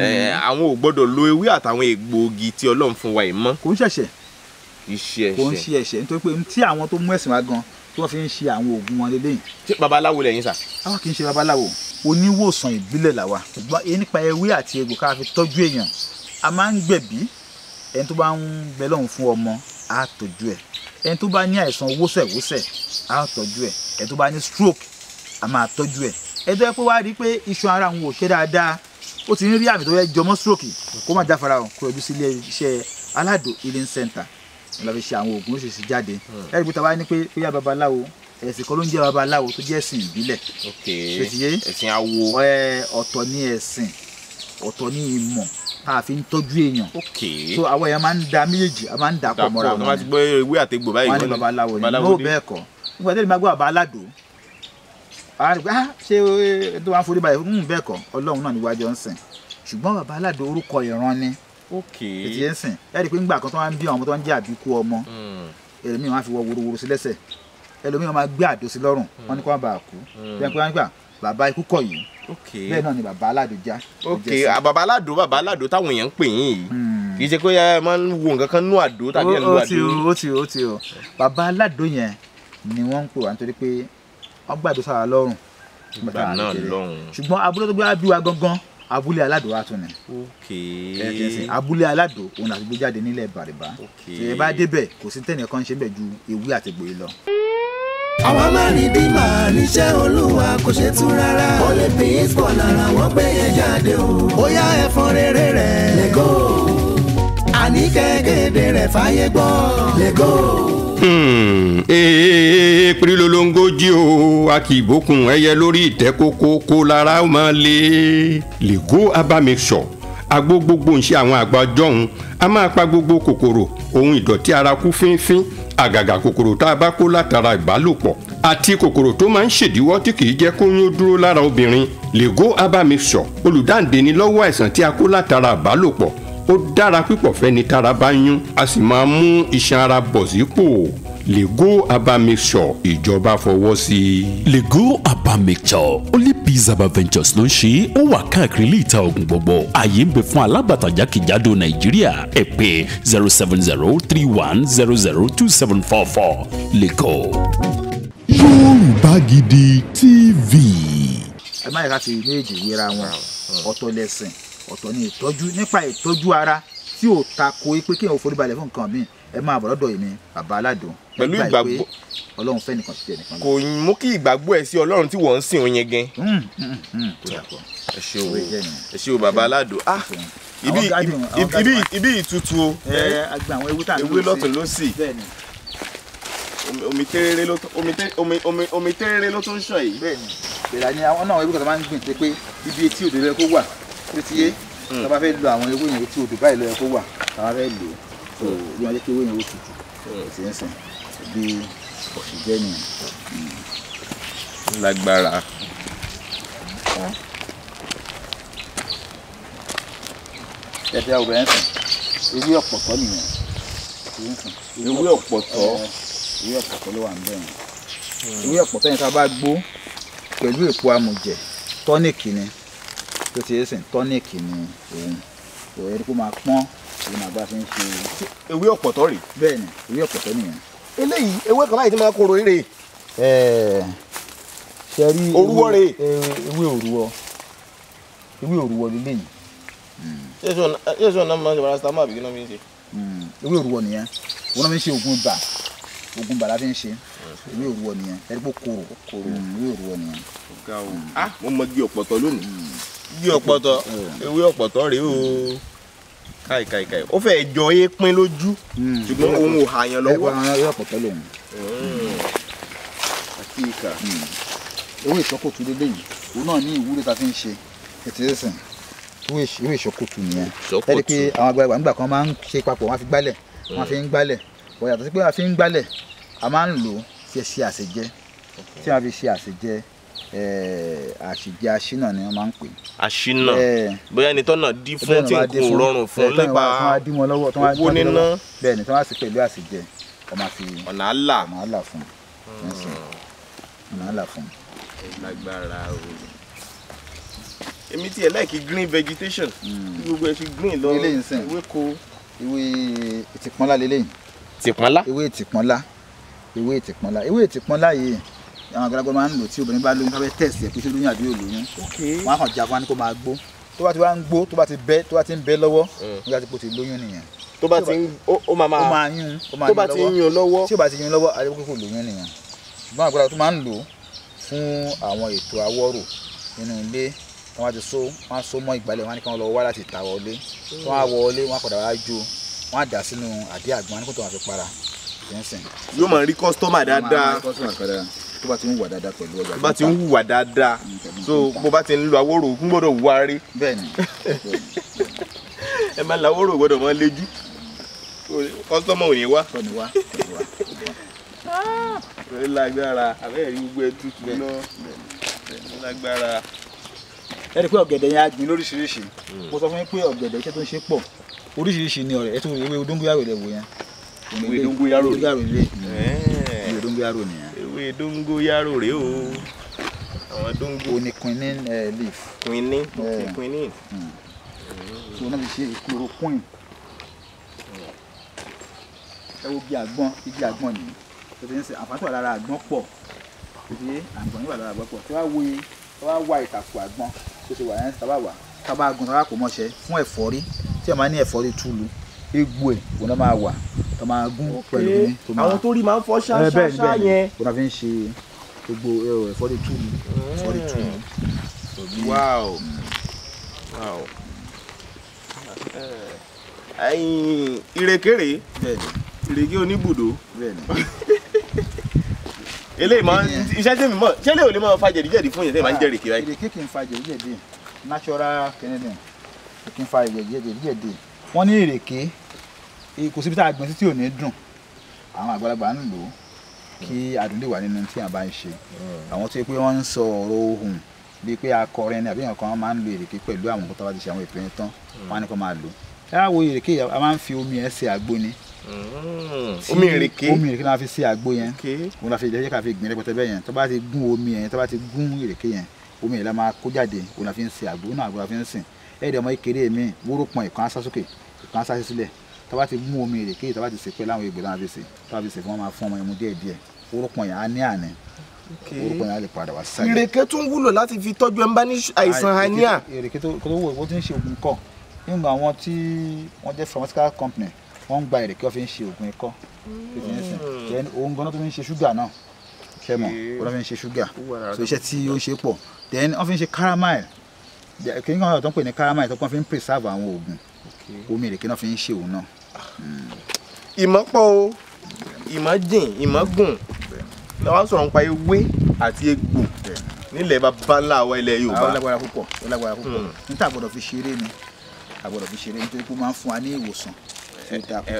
àwọn ò gbọ́dọ̀ lo ewé àtàwọn egbòogi tí Ọlọ́run fún wa yìí mọ́. kò ń ṣẹ̀ṣẹ̀ kò ń ṣe ẹ̀ṣẹ̀ nítorí pé tí àwọn tó mú ẹ̀sìn wa gan tí wọ́n fi ń ṣe àwọn oògùn wọn lélẹ́yìn. ṣé babaláwo lẹ́yìn sà. àwa kì í ṣe babaláwo oníwòsàn ìbílẹ̀ làwa nípa ewé àti egbò ká fi tọ́jú èèyàn a máa ń gbẹ̀bí ẹni tó bá ń bẹ lọ́hùn fún ọmọ á tọ́jú ẹ̀ ẹni tó bá ní àìsàn wósẹ̀wósẹ̀ á tọ́jú ẹ̀ ẹni tó bá ní stroke á máa tọ́jú ẹ̀ ẹni tó yẹ pé wá rí i pé iṣan ara òun ò ṣe dáadáa ó ti ń rí àmì tó yẹ jọmọ́ stroke kó má jáfara o kó yọjú sí ilé iṣẹ́ aládò healing center wọn lọ fi ṣe àwọn oògùn oṣooṣù jáde hmm. ẹni pé tàbá ní pé ó yá babaláwo ẹ̀sìn kan ló ń jẹ́ babaláwo tó jẹ́ ẹ̀sìn ìbílẹ̀ ẹ̀sìn awo ọ̀tọ̀ ni ẹ̀sìn ọ̀tọ̀ ní ìmọ̀ tá a fi ń tọ́jú èèyàn so àwọn èèyàn máa ń da méjèèjì a máa ń dà pọ̀ mọ́ra wọn ni wọn ní babaláwo ni n'o bẹ́ẹ̀ kọ́ nígbà tẹ́lẹ̀ máa gbọ́ àbá aládùn àwọn àgbẹ̀ ah ṣé eh, tó wàá forí balẹ̀ ń hmm, bẹ́ẹ̀ kọ́ ọlọ́run náà ni wájọ ń sìn ṣùgbọ́n bàbá aládùn orúkọ ìran ni ètí ń sìn ẹ̀rí pé ńgbà kan tó wá ń bí ọmọ tó ń jẹ́ àbíkú ọmọ hmm. ẹlòmíràn wá fi wọ worowóró sí lẹ́sẹ̀ ẹlòmíràn máa gbé àdó sí lọ́rùn hmm. wọn ni kó má bàa kú bí wọn pe wọn nígbà bàbá ikú kọ̀yìn bẹ́ẹ̀ náà ni bàbá aládò já. ok bàbá aládò bàbá aládò táwọn èèyàn ń pè yín yìí hmm. kì í ṣe pé ẹ máa ń wo nǹkan kan nú àdó tàbí ẹ̀ ń lo àdó. ó ti ó ti ó bàbá aládò yẹn ni wọ́n ń pè wá nítorí pé wọ́n gbàdó sára lọ́rùn. ìgbà náà lọ́rùn. ṣùgbọ́n abúlé tó gbé wá bí wa gangan abúlé aládò wa tún ni. ok abúlé aládò òun àti gbé jáde nílẹ̀ bàrìbà. ok tí ẹ bá débẹ̀ kò sí tẹ́nìkan àwọn márìndín máa níṣẹ́ olúwa kò ṣe tún rárá ó lè fi ìsbọ̀ lára wọ́n gbé yẹn jáde o ó yá ẹ̀fọn rere rẹ̀ lẹ́gọ́ àní kẹ́kẹ́dẹ́ rẹ̀ fáyé gbọ́ lẹ́gọ́ èèpì hmm. lolongoji o a kì í bókun ẹyẹ lórí ìtẹ́ kókó kó lára ó máa lé lè kó agbó gbogbo ń ṣe àwọn àgbà ọjọ́ a máa pa gbogbo kòkòrò ohun ìdọ̀tí ara kú fínfín àgàgà kòkòrò tá a bá kó látara ìbálòpọ̀ àti kòkòrò tó máa ń ṣèdíwọ́ tí kì í jẹ́ kóyún dúró lára obìnrin lego abamisọ olùdáǹdeni lọ́wọ́ àìsàn tí a kó látara ìbálòpọ̀ ó dára pípọ̀ fẹ́ni tára bá yún a sì máa mú iṣan ara bọ̀ sípò. Lego go urban mixture ìjọba fọwọ́ sí i. le only peace urban ventures ló ń ṣe ó wà káàkiri ilé ìta ògùn gbogbo ààyè ń bẹ fún alábàtà jákèjádò nàìjíríà ẹ pè zero seven zero three one zero zero two seven four four Lego. go. Yorùbá Gidi TV. ẹ má yẹ ká fi méjì wéra wọn ọ̀tọ̀ lẹ́sìn ọ̀tọ̀ ni ìtọ́jú nípa ìtọ́jú ara tí ò ta ko pé kí n ò forí balẹ̀ fún nǹkan míì ẹ máa bọ̀ lọ́dọ̀ èmi bàbá aládùn pẹ̀lú ìgbàgbọ́ ọlọ́run fẹ́ nìkan títẹ̀ nìkan. kò mú kí ìgbàgbọ́ ẹ sí ọlọ́run tí wọ́n ń sìn òun yẹn gan. Hmm, hmm, hmm, ẹ ṣé o ẹ ṣé o bàbá aládùn ah ibi ibi ibi ìtutù o ewé lọ́tún ló sì omi tẹ́rẹ́rẹ́ ló omi tẹ́rẹ́rẹ́ ló tún ń ṣàn yìí. bẹ́ẹ̀ni bẹ́ẹ̀ni ni àwọn náà ewé kan tó máa ń gbìn pé pé ibi etí odò ló yẹ kó wà tó ti yé tó bá fẹ́ lo àwọn ewé yẹn etí odò báyìí ló yẹ kó wà tó bá fẹ́ lò ó ló máa jẹ́ kí owó yẹn ó tutù ti ń sìn bí ọ̀sẹ̀ jẹ́ nìyẹn. lágbára. ẹ̀fẹ̀ àwòrán ẹ̀ sìn ewé ọ̀pọ̀tọ́ nìyẹn ti ń sìn. ewé ọ̀pọ̀tọ́. ewé ọ̀pọ̀tọ́ ló wà ń bẹ̀rẹ̀ ewé ọ̀pọ̀tọ́ yẹn tá a bá gbó pẹ̀lú èpo amùjẹ̀ tọ́nìkì ni tó ti ń sìn ni òun òun ẹni kó máa pọ́n ló máa bá ṣe ń ṣe. ewé ọ̀pọ̀tọ́ rèé. bẹ́ẹ̀ni ewé ọ̀pọ̀tọ́ nìyẹn. eléyìí ewé kan báyìí ti máa kóró eré. ṣe rí orúwọ rè e, ewé òrúwọ ewé òrúwọ lélẹyìí. yéé hmm. sọ náà máa ń ṣe parasitamọ àbí kí náà fi ń ṣe. Hmm. ewé òrúwọ nìyẹn wọn náà fi ń ṣe oògùn ibà oògùn ibà la fi ń ṣe ewé òrúwọ nìyẹn ẹni pé kóró hmm, ewé òrúwọ nìyẹn. ọ̀gá o ah, mo mọ igi ọ̀pọ̀tọ́ lónìí igi ọ̀pọ̀tọ́ ewé ọ̀pọ̀tọ́ rèé o káìkáì ó fẹ́ jọ é pín lójú hmm. ṣùgbọ́n òun ò hàyàn lọ́wọ́. ẹ̀wọ̀n ayé ọ̀pọ̀tọ́ lòun. Hmm. àti ìkà. owó hmm. ìṣọ́kòtù lélẹ̀ yìí òun náà ní ìwúrí ta fi ń ṣe ètò ẹ̀sìn owó ìṣọ́kòtù nìyẹn. ìṣọ́kòtù ẹni pé àwọn àgbàlagbà nígbà kan máa ń ṣe papọ̀ wọ́n fi gbálẹ̀ wọ́n fi ń gbálẹ̀ wọ́n yàtọ̀ sí pé wọ́n fi ń gbálẹ̀ a máa ń lò ó fi ṣe àṣejẹ tí wọ́n fi ṣe àṣejẹ Eh, àṣìjẹ aṣínà ni wọ́n máa ń pè. aṣínà eh, bóyá ẹni tọ́nà dí fún tí nǹkan ò rọrùn eh, fún nípa owó níná. bẹ́ẹ̀ ni tí wọ́n á sì pẹ̀lú àṣìjẹ ọmọ àfi ọ̀nà àlà ọ̀nà àlà fún ọ̀nà àlà fún. lágbára o èmi tiẹ̀ láìkí green vegetation hmm. gbogbo ẹ fi green lọ ewéko. ewé ìtìpọ́nlá lélẹ́yìn. tìpọ́nlá ewé ìtìpọ́nlá ewé ìtìpọ́nlá ewé ìtìpọ́nlá yìí àwọn àgbàlagbà máa ń lò tí obìnrin bá lóyún káfẹ́ tẹ̀sí ẹ̀ pé ṣé lóyún àbí olóyún wọn á kàn jagun á ní kó máa gbó tó bá ti wá ń gbó tó bá ti bẹ́ tó bá ti ń bẹ́ lọ́wọ́ nígbà tí kò ti lóyún nìyẹn tó bá ti ń ó máa máa yún tó bá ti ń yún lọ́wọ́ tí ó bá ti yún lọ́wọ́ àdébùkún kò lóyún nìyẹn ṣùgbọ́n àgbàlagbà tó máa ń lò fún àwọn ètò awọ́rò nínú ilé wọn á ti so wọn á so mọ́ ìgbálẹ̀ wọn á ní kí wọn lọ wá láti ta wọlé wọn á wọlé wọn á padà wá jó wọn á dà sínú àdé àgbọn wọn á ní kó tó wọn fi para yóò máa rí kọ́sítọ́mà dáadáa tó bá ti ń wà dáadáa pẹ̀lú ọjà tó bá ti ń wà dáadáa so bó bá ti ń lo awóró ń gbọ́dọ̀ wá rí bẹ́ẹ̀ni ẹ máa ń lo awóró gbọ́dọ̀ máa léjú kọ́sítọ́mọ̀ ò ní wá ẹ ah! lágbára àbẹ́rẹ́ rí gbogbo ẹ tútù náà ẹ lágbára ẹ rí i pé ọ̀gẹ̀dẹ̀ yẹn á gbìn lóríṣiríṣi hmm. mo sọ fún yín pé ọ̀gẹ̀dẹ̀ iṣẹ́ tó ń ṣe pọ̀ oríṣiríṣi ni ọ̀rẹ́ ẹ tún ewé odóńgbò yàwó wò yẹn ewé dóngóyárò rèé ewé dóngóyárò nìyẹn. ewé dóngóyárò rèé o àwọn dóngó. o ní quinine eh, leaf. quinine eh. quinine. Hmm. so náà fi ṣe chloroquine ẹ wo bí àgbọn igi àgbọn nìyí tó ti ń sè àǹfààní wà lára àgbọn pọ̀ ìdíyé àgbọn wà lára àgbọn pọ̀ tí wàá wo wàá wá ìtàkùn àgbọn tó ti wà yẹn tábà wà tábà gun tábà kò mọṣẹ fún ẹ̀fọ́rí tí ẹ máa ní ẹ̀fọ́rí túlu egbò ẹ̀ kò náà máa wà tó máa gún pẹ̀lú ní tó máa. àwọn tó rí máa ń fọ́ ṣáṣáṣá eh, yẹn. kò náà fi ń ṣe gbogbo ẹ̀fọ́rí tù mí ẹ̀fọ́rí tù mí. wow mm. wow ìrèkèrè ìrèké oníbùdó eléyìí máa iṣẹ́ tèmi mọ̀ ṣé lè ò lè máa fa jẹ̀díjẹ̀dí fún yẹn tẹ́ máa ń jẹ́ ìrèké báyìí. ìrèké kì í fa jẹ̀díjẹ̀dí natural kìnìún kì í fa jẹ̀díjẹ̀dí wọ́n ní ìrèké kò síbi tá a gbìn sí tí ò ní dùn àwọn àgbàlagbà ń lò ó kí àdúlé wà nínú tí a bá ń ṣe àwọn tó yẹ pé wọ́n ń sọ ọ̀rọ̀ ohùn bíi pé akọrin ni àbí nǹkan wọn máa ń lo èrèké pẹ̀lú àwọn nǹkan tó bá ti ṣe àwọn ètò yẹn tán wọn á ní kó máa lò ẹ wo èrèké a máa ń fi omi ẹ ṣe àgbo ni mm. omi èrèké omi èrèké náà fi ṣe àgbo yẹn òun a fi jẹ́ ká fi gbìn rẹpẹtẹ bẹ́ẹ̀ yẹn tó bá ti gún omi yẹn tó bá ti gún èrèké yẹn omi yẹn la máa kó jáde òun la fi ń ṣe àgbo náà àgbo la fi ń sìn ẹ̀ẹ́dẹ̀ ọmọ ìkéré mi wóró pọn ìkan asásókè ìkan asásísílẹ̀ tó bá ti mú omi rè kéyìí tó bá ti sè pé láwọn egbò láwọn fi sè tó bá fi sè fún wọn máa fún ọmọ ẹmu díẹ̀ díẹ̀ orúkọ yẹn á ní àná orúkọ yẹn á lè padà wá sáré. ìrèké tún wúlò láti fi tọ́jú ẹnbá ní àìsàn hernia. ìrèké tó wúwo ó ti ń ṣe oògùn ikọ́ nígbà àwọn tí wọ́n jẹ́ pharmaceutical company wọ́n ń gba ìrèké wọ́n fi ń ṣe oògùn ikọ́ hmm. òun gan-an tó fi ń ṣe ṣúgà náà kẹmọ wọ́n fi ń ṣe ṣúgà so iṣẹ́ tí ó ṣe pọ̀ then wọ́n fi ń ṣe caramel kí n kàn tó ń pè ní caramel tó kàn fi ń preserve àwọn oògùn omi ìrèké náà fi ń ṣe òun náà ìmọ̀ pọ̀ o ìmọ̀ jìn ìmọ̀ gùn lọ́wọ́ sọ̀rọ̀ nípa ewé àti egbò nílẹ̀ bàbá ńlá wa ilẹ̀ Yorùbá. ó lágbára púpọ̀ ó púpọ̀ hmm. níta àgbọ̀dọ̀ fi ṣeré ni àgbọ̀dọ̀ fi ṣeré nítorí pé ó máa ń fún wa ní ìwòsàn.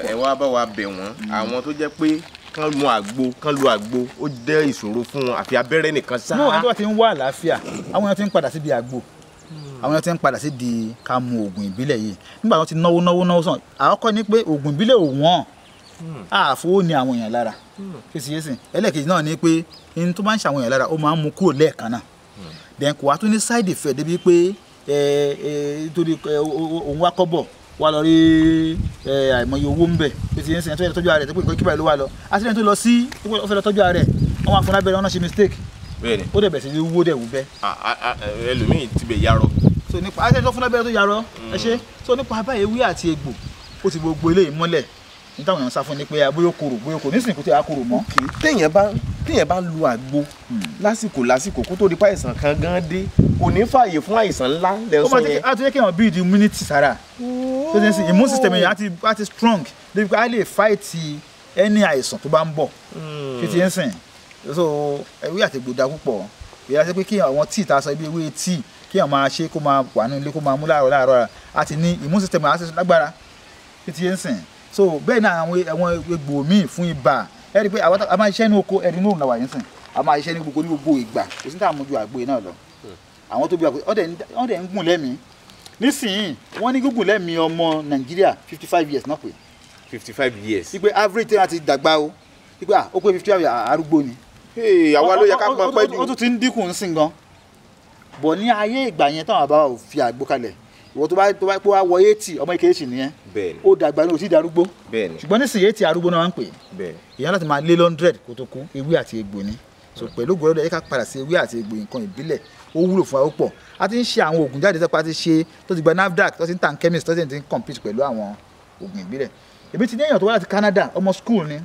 ẹ wá bá wa bẹ̀ wọ́n hmm. àwọn tó jẹ́ pé kán mu àgbo kán lu àgbo ó jẹ́ ìṣòro fún wọn àfi abẹ́rẹ́ nìkan sáà. níwọ̀n tó bá ti ń wá àlàáfíà àwọn èèyàn ti ń padà síbi àgbo àwọn yẹn ti ń padà sí di ká mu oògùn ìbílẹ̀ yìí nígbà tó ti náwó náwó náwó sàn àkọ́kọ́ ni pé oògùn ìbílẹ̀ ò wọ́n hmm. àfowó ni àwọn èèyàn lára hmm. kìsìyèsì ẹlẹ́ẹ̀kejì náà ni pé ní tó bá ń ṣe àwọn èèyàn lára ó máa ń mu kúrò lẹ́ẹ̀kan náà hmm. then kò wá tún ní side effect débi pé torí òun wá kọ́bọ̀ wá lọ rí àìmọye owó ń bẹ̀ kìsìyèsì ẹni tó yẹ tọ́jú ara rẹ̀ tó pé nǹkan kíbà ló wà lọ accident tó lọ sí ó fẹ́ lọ tọ́jú ara rẹ̀ wọ́n wá fún lábẹ́rẹ́ wọn náà ṣe mistake ó dẹ̀ bẹ̀rẹ̀ sí wó dẹ̀ wú bẹ́ẹ̀. ẹlòmíì ti bẹ̀ yarọ so nípa ayé tó fún lábẹ́rẹ́ tó yarọ ẹ ṣe so nípa báyìí ewé àti egbò ó ti gbogbo eléyìí mọ́lẹ̀ ní táwọn èèyàn sá fún ni pé bóyá kòrò bóyá kòrò nísìnyí kò tí a kòrò mọ́. téèyàn bá téèyàn bá lu àgbo hmm. lásìkò lásìkò kó tó di pa àìsàn kan gan dé kò ní fààyè fún àìsàn ńlá lẹ́sọ̀ yẹn. ó máa ti jẹ́ kí èèyàn build immunity sára tó ti ń sìn immune system èèyàn á ti strong débi pé á lè fight any àìsàn tó bá ń bọ̀ tó hmm. ti ń sìn so ewé àtẹ̀gbò da púpọ̀ ìyá sẹ́ pé kí àwọn tíì ta sọ ibi ewé tíì kí àwọn máa ṣe kó máa wà ní ilé kó máa mú láàárọ̀ láàárọ̀ àti ní immune system àti lágbára títí yẹn sìn so bẹ́ẹ̀ náà àwọn àwọn egbò míì fún ibà ẹ rí i pé àwọn a máa ṣiṣẹ́ ní oko ẹni ní òun làwà yẹn sìn a máa ṣiṣẹ́ ní gbogbo ní gbogbo ìgbà kò sí táwọn mojú àgbo yìí náà lọ àwọn tó bí àgbo wọ́n dẹ̀ ń gùn lẹ́mìí nísìnyí wọ́n ní gígùn lẹ́mìí ọmọ Nàìjíríà fifty five years náà pé fifty five years. ipe average tí wọn ti dàgbà o fifty five arúgbó ni. àwa ló yẹ ká pọn pẹ́ jù. ó bọ̀ ní ayé ìgbà yẹn táwọn bàbá ò fi àgbo kalẹ̀ ìwọ tó bá tó bá pé wá wọ eighty ọmọ ìkéré sì nìyẹn ó dàgbà ní o ti darúgbó ṣùgbọ́n nísìnyí eighty arúgbó náà ń pè èèyàn láti máa lé hundred kó tó kú ewé àti egbò ni so pẹ̀lú gbọ́dọ̀ yẹ ká padà sí ewé àti egbò nǹkan ìbílẹ̀ ó wúlò fún wa ó pọ̀ a ti ń ṣe àwọn oògùn jáde tọ́pọ̀ a ti ṣe tó ti gba NAFDAC tó ti ń tàn chemist tó ti ń compete pẹ̀lú àwọn oògùn ìbílẹ̀ èmi ti ní èèyàn tó wá láti Canada ọmọ school ni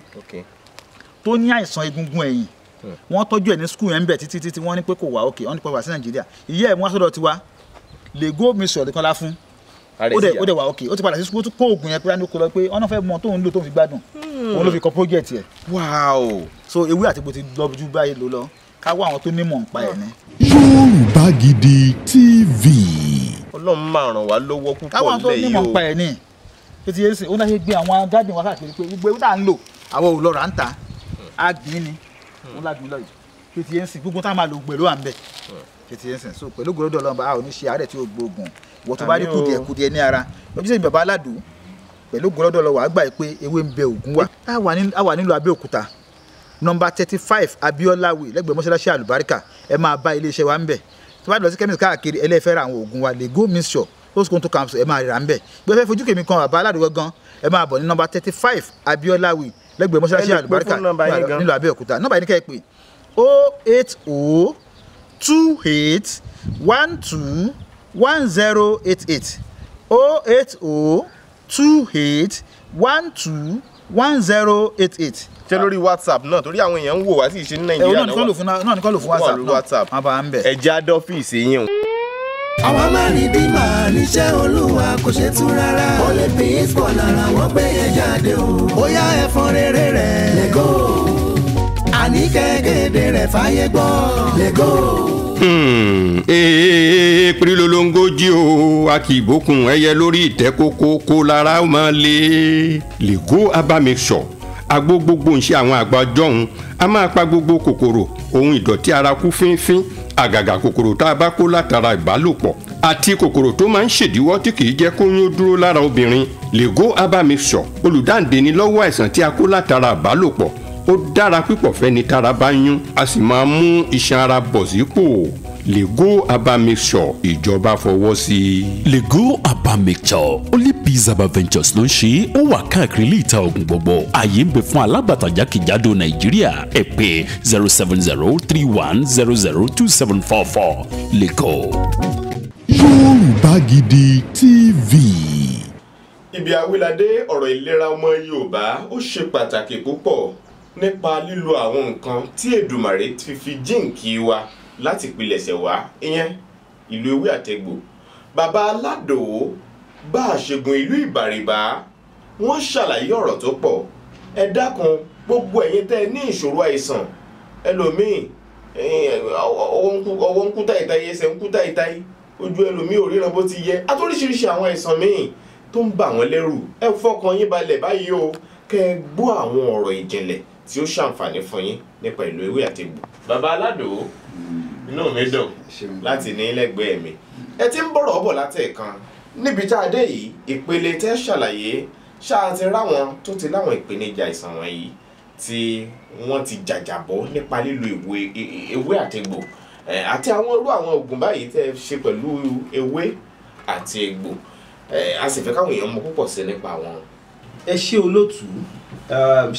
tó ní àìsàn egungun ẹ̀yìn Hmm. wọ́n tọ́jú ẹ̀ ní skul yẹn ń bẹ̀ títí títí wọ́n ní pé kò wá òkè wọ́n ní pé wá sí nàìjíríà ìyá ẹ̀ wọ́n sọ́dọ̀ tiwa lè gó mi sọ̀rọ̀ kan lá fún ó dẹ̀ wá òkè ó ti padà sí skul tó kó oògùn yẹn pé wọ́n kó lọ pé ọ̀nà fẹ́ mọ tóun lò tóun fi gbádùn hmm. òun ló fi kọ project yẹ. wow so ewé àtìpó ti lọ ju báyìí ló lọ ká wá àwọn tó nímọ̀ nípa ẹ̀ ní. Yorùbá Gidi TV. Ọlọ́run máa ràn wá lọ́wọ́ púpọ̀ lẹ́yìn òun ládùn lọ yìí tètè yẹn sìn gbogbo tá a máa lo pẹ̀lú à ń bẹ̀ tètè yẹn sìn so pẹ̀lú gbòdò ọlọ́mọba a ò ní ṣe àárẹ̀ tí ó gbóògùn wọ́n tó bá rí kùdìẹ̀ kùdìẹ̀ ní ara lójú sẹ́yìn bàbá aládùn pẹ̀lú gbòdò ọlọ́wọ́ àgbà yìí pé ewé ń bẹ ògùn wa a wà nílùú Abẹ́òkúta nọmba thirty five Abiola Way lẹ́gbẹ̀ẹ́ mọ́ṣáláṣí àlùbáríkà ẹ máa bá iléeṣẹ́ wa ń bẹ̀ tó bá lọ sí chemist káàkiri ẹlẹ́fẹ́ ra àwọn oògùn wa lego mixture lóṣùkún tó kàn ẹ máa rà ń bẹ̀ gbẹ́fẹ́ fojú kèmí kan bàbá aládùúgbò gan ẹ máa bọ̀ ní nọmba thirty five Abiola Way lẹ́gbẹ̀ẹ́ mọ́ṣáláṣí àlùbáríkà nílùú Abẹ́òkúta nọ́mbà yìí ni kẹ́ o oh eight o oh two eight one two one zero eight eight o oh eight o two eight one two one zero eight eight ṣe lórí whatsapp náà torí àwọn èèyàn ń wò wá sí ìṣe ní eh, nàìjíríà náà wà náà ní kọ́ lò fún whatsapp náà àbá ń adọ́fíìsì yín o àwọn amánidí máa níṣẹ́ olúwa kò ṣe tún rárá ó lè fi ìsbọ̀ lára wọ́n gbé yẹn jáde o ó yá ẹ̀fọn rere rẹ̀ lẹ́gọ́ àní kẹ́kẹ́dẹ́ rẹ̀ fàyè gbọ́ lẹ́gọ́ èèpì hmm, lolongoji o a kì í bókun ẹyẹ lórí ìtẹ́ kó lára ó máa le lè kó àgbo gbogbo ń ṣe àwọn àgbà jọ̀hún a máa pa gbogbo kòkòrò ohun ìdọ̀tí ara kú fínfín àgàgà kòkòrò tá a bá kó látara ìbálòpọ̀ àti kòkòrò tó máa ń ṣèdíwọ́ tí kì í jẹ́ kóyún dúró lára obìnrin lego abamisọ olùdáǹdè ni lọ́wọ́ àìsàn tí a kó látara ìbálòpọ̀ ó dára pípọ̀ fẹ́ni tára bá yún a sì máa mú iṣan ara bọ̀ sípò. Lego Aba Mixture ìjọba fọwọ́ sí Lego Aba only biz Aba Ventures ló ń ṣe ó wà káàkiri ilé ìta ògùn gbogbo ààyè ń bẹ fún alábàtà jákèjádò Nàìjíríà ẹ pè zero seven zero three one zero zero two seven four four Lego. Yorùbá Gidi TV ibi awilade ọ̀rọ̀ ìlera ọmọ yorùbá ó ṣe pàtàkì púpọ̀ nípa lílo àwọn nǹkan tí èdùmàrè ti fi jíǹkì wa láti pilẹ̀ṣẹ̀ wá ìyẹn ìlú ewé àtẹ̀gbò bàbá aládòó bá àṣegun ìlú ìbàrìbà wọ́n ṣàlàyé ọ̀rọ̀ tó pọ̀ ẹ dákun gbogbo ẹ̀yin tẹ́ ẹ ní ìṣòro àìsàn ẹlòmíì ọwọ́ ń kú táìtáì ẹsẹ̀ ń kú táìtáì ojú ẹlòmíì ò ríran bó ti yẹ àtòríṣiríṣi àwọn àìsàn míì tó ń bà wọ́n lẹ́rù ẹ fọkàn yín balẹ̀ báyìí o kẹ́ ẹ gbọ́ àwọn ọ̀rọ̀ ìjìnlẹ̀ tí ó ṣàǹfààní fún yín nípa ìlú ewé àtẹ̀gbò. bàbá aládòó inú mi dùn láti ní lẹ́gbẹ̀ẹ́ mi ẹ ti ń bọ̀rọ̀ bọ̀ látẹ̀ẹ̀kan níbi tá a dé yìí ìpele tẹ́ ṣàlàyé ṣáà ti ráwọn tó ti láwọn ìpèníjà àìsàn wọ̀nyí tí wọ́n ti jàjàbọ́ nípa lílo ewé àtẹ̀gbò àti àwọn irú àwọn oògùn báyìí tẹ́ ṣe pẹ̀lú ewé àti egbò a sì fẹ́ káwọn èèyàn mọ púpọ̀ sí nípa wọn. ẹ ṣé olótùú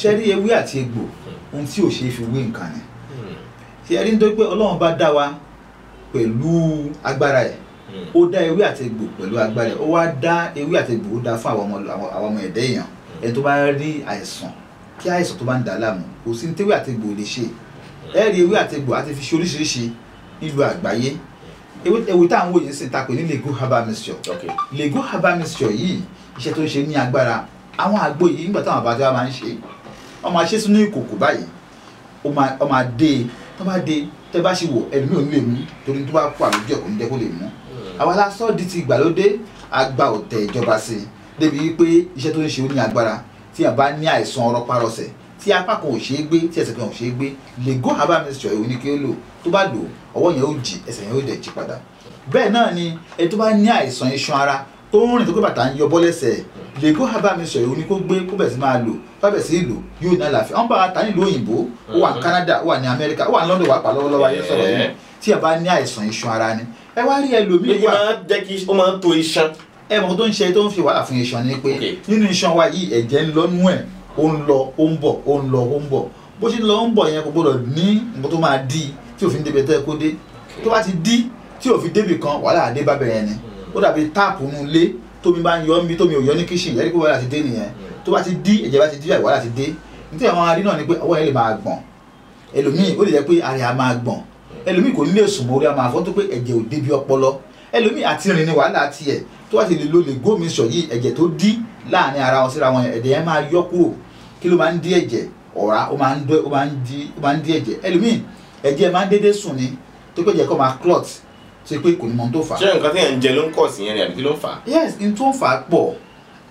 ṣẹ́rí ewé àti egbò hmm. ohun tí ò ṣeé fi wé nǹkan ni tí ẹ rí nítorí pé ọlọ́run bá dá wa pẹ̀lú agbára ẹ̀ hmm. ó dá ewé àti egbò pẹ̀lú agbára ẹ̀ ó wá dá ewé àti egbò ó dá fún àwọn ọmọ ẹ̀dá èèyàn hmm. ẹni tó bá rí àìsàn kí àìsàn tó bá ń dà á láàmú kò sí ní tewé àti egbò lè ṣe ẹ rí ewé àti egbò àti fi ṣe oríṣiríṣi nílùú àgbáyé ewé tá à ń wò yìí sì ní lego herbal mixture lego herbal mixture yìí iṣẹ́ tó ń ṣe ní agbára àwọn àgbo yìí nígbà táwọn àbájá máa ń ṣe wọ́n máa ṣe ìkòkò báyìí wọ́n máa tó bá de tẹ bá ṣe wọ ẹlòmí ò ní lè mú torí tó bá kó àmì díẹ̀ kò ní jẹ́ kó lè mú àwa la sọ di ti ìgbàlódé àgbà ọ̀tẹ̀ ìjọba sí i débi wípé iṣẹ́ tó ń ṣe ó ní agbára tí a bá ní àìsàn ọ̀rọ̀ parọ́sẹ̀ tí apá kan ò ṣeé gbé tí ẹsẹ̀ kan ò ṣeé gbé lè go herbal mixture ìwé ní kí ó lò tó bá lò ọwọ́ yẹn ó jì ẹsẹ̀ yẹn ó dẹ̀ jí padà bẹ́ẹ̀ náà ni ẹni tó bá ní àìsàn iṣan ara tó ń rìn tó pé bàtà ń yọ bọ́ lè go herbal mixture ìwé ní kó gbé kó bẹ̀ sí máa lò bábẹ̀ sí ìlú yóò ní àlàáfíà wọ́n bá wa ta nílùú òyìnbó ó wà ní mm-hmm. Canada ó wà ní America ó wà ní London wà pa lọ́wọ́lọ́wọ́ ayé sọ̀rọ̀ yìí eh. tí ẹ bá ní àìsàn iṣan ara ni ẹ wá rí ẹlòmíì wà. èyí máa ń jẹ́ kí ó máa ń to iṣan. ẹ mọ̀ tó ń ṣe tó ń fi wàhálà fún iṣan ni pé nínú iṣan wa yìí ẹ̀jẹ̀ ń lọ nú ẹ̀ ó ń lọ ó ń bọ̀ ó ń lọ ó ń bọ̀ bó ṣe ń lọ ó ń bọ̀ yẹn kò gbọdọ̀ ní nǹkan tó máa dí tí òfin débi tẹ́ kó dé tó bá ti dí tí òfin débi kan wàhálà àdé bá bẹ̀rẹ̀ ni hmm. ó dàbí táàpù nulé tómi bá ń yọ mí tómi ò yọ ní kíṣìn yẹ́rìí pé wàhálà ti dé nìyẹn hmm tó bá ti dí ẹ̀jẹ̀ bá ti dí àìwá láti dé nítorí àwọn arí náà ni pé ọwọ́ yẹn lè máa gbọ̀n ẹlòmíì ó lè jẹ́ pé àrẹ̀ á máa gbọ̀n ẹlòmíì kò ní lè sùn mọ́ orí á máa fọ́ tó pé ẹ̀jẹ̀ ò débi ọpọlọ ẹlòmíì àti rìn ní wàhálà tiẹ̀ tó bá ti lè lo lè gómi sọ yìí ẹ̀jẹ̀ tó dí láàrin ara wọn síra wọn ẹ̀jẹ̀ yẹn máa yọ kúrò kí ló máa ń dí ẹ̀jẹ̀ ọ̀rá ó máa ń dí ẹ̀jẹ̀ ẹlòmíì ẹ̀jẹ̀ máa ń dédé sùn ni tó pé ẹ̀jẹ̀ kọ́ máa clot ṣe pé kò ní mọ ohun tó fà á. ṣé nǹkan tí yẹn ń jẹ ló ń kọ̀ sí yẹn ni àbí kí ló ń fà á. yes n tó ń fà á pọ̀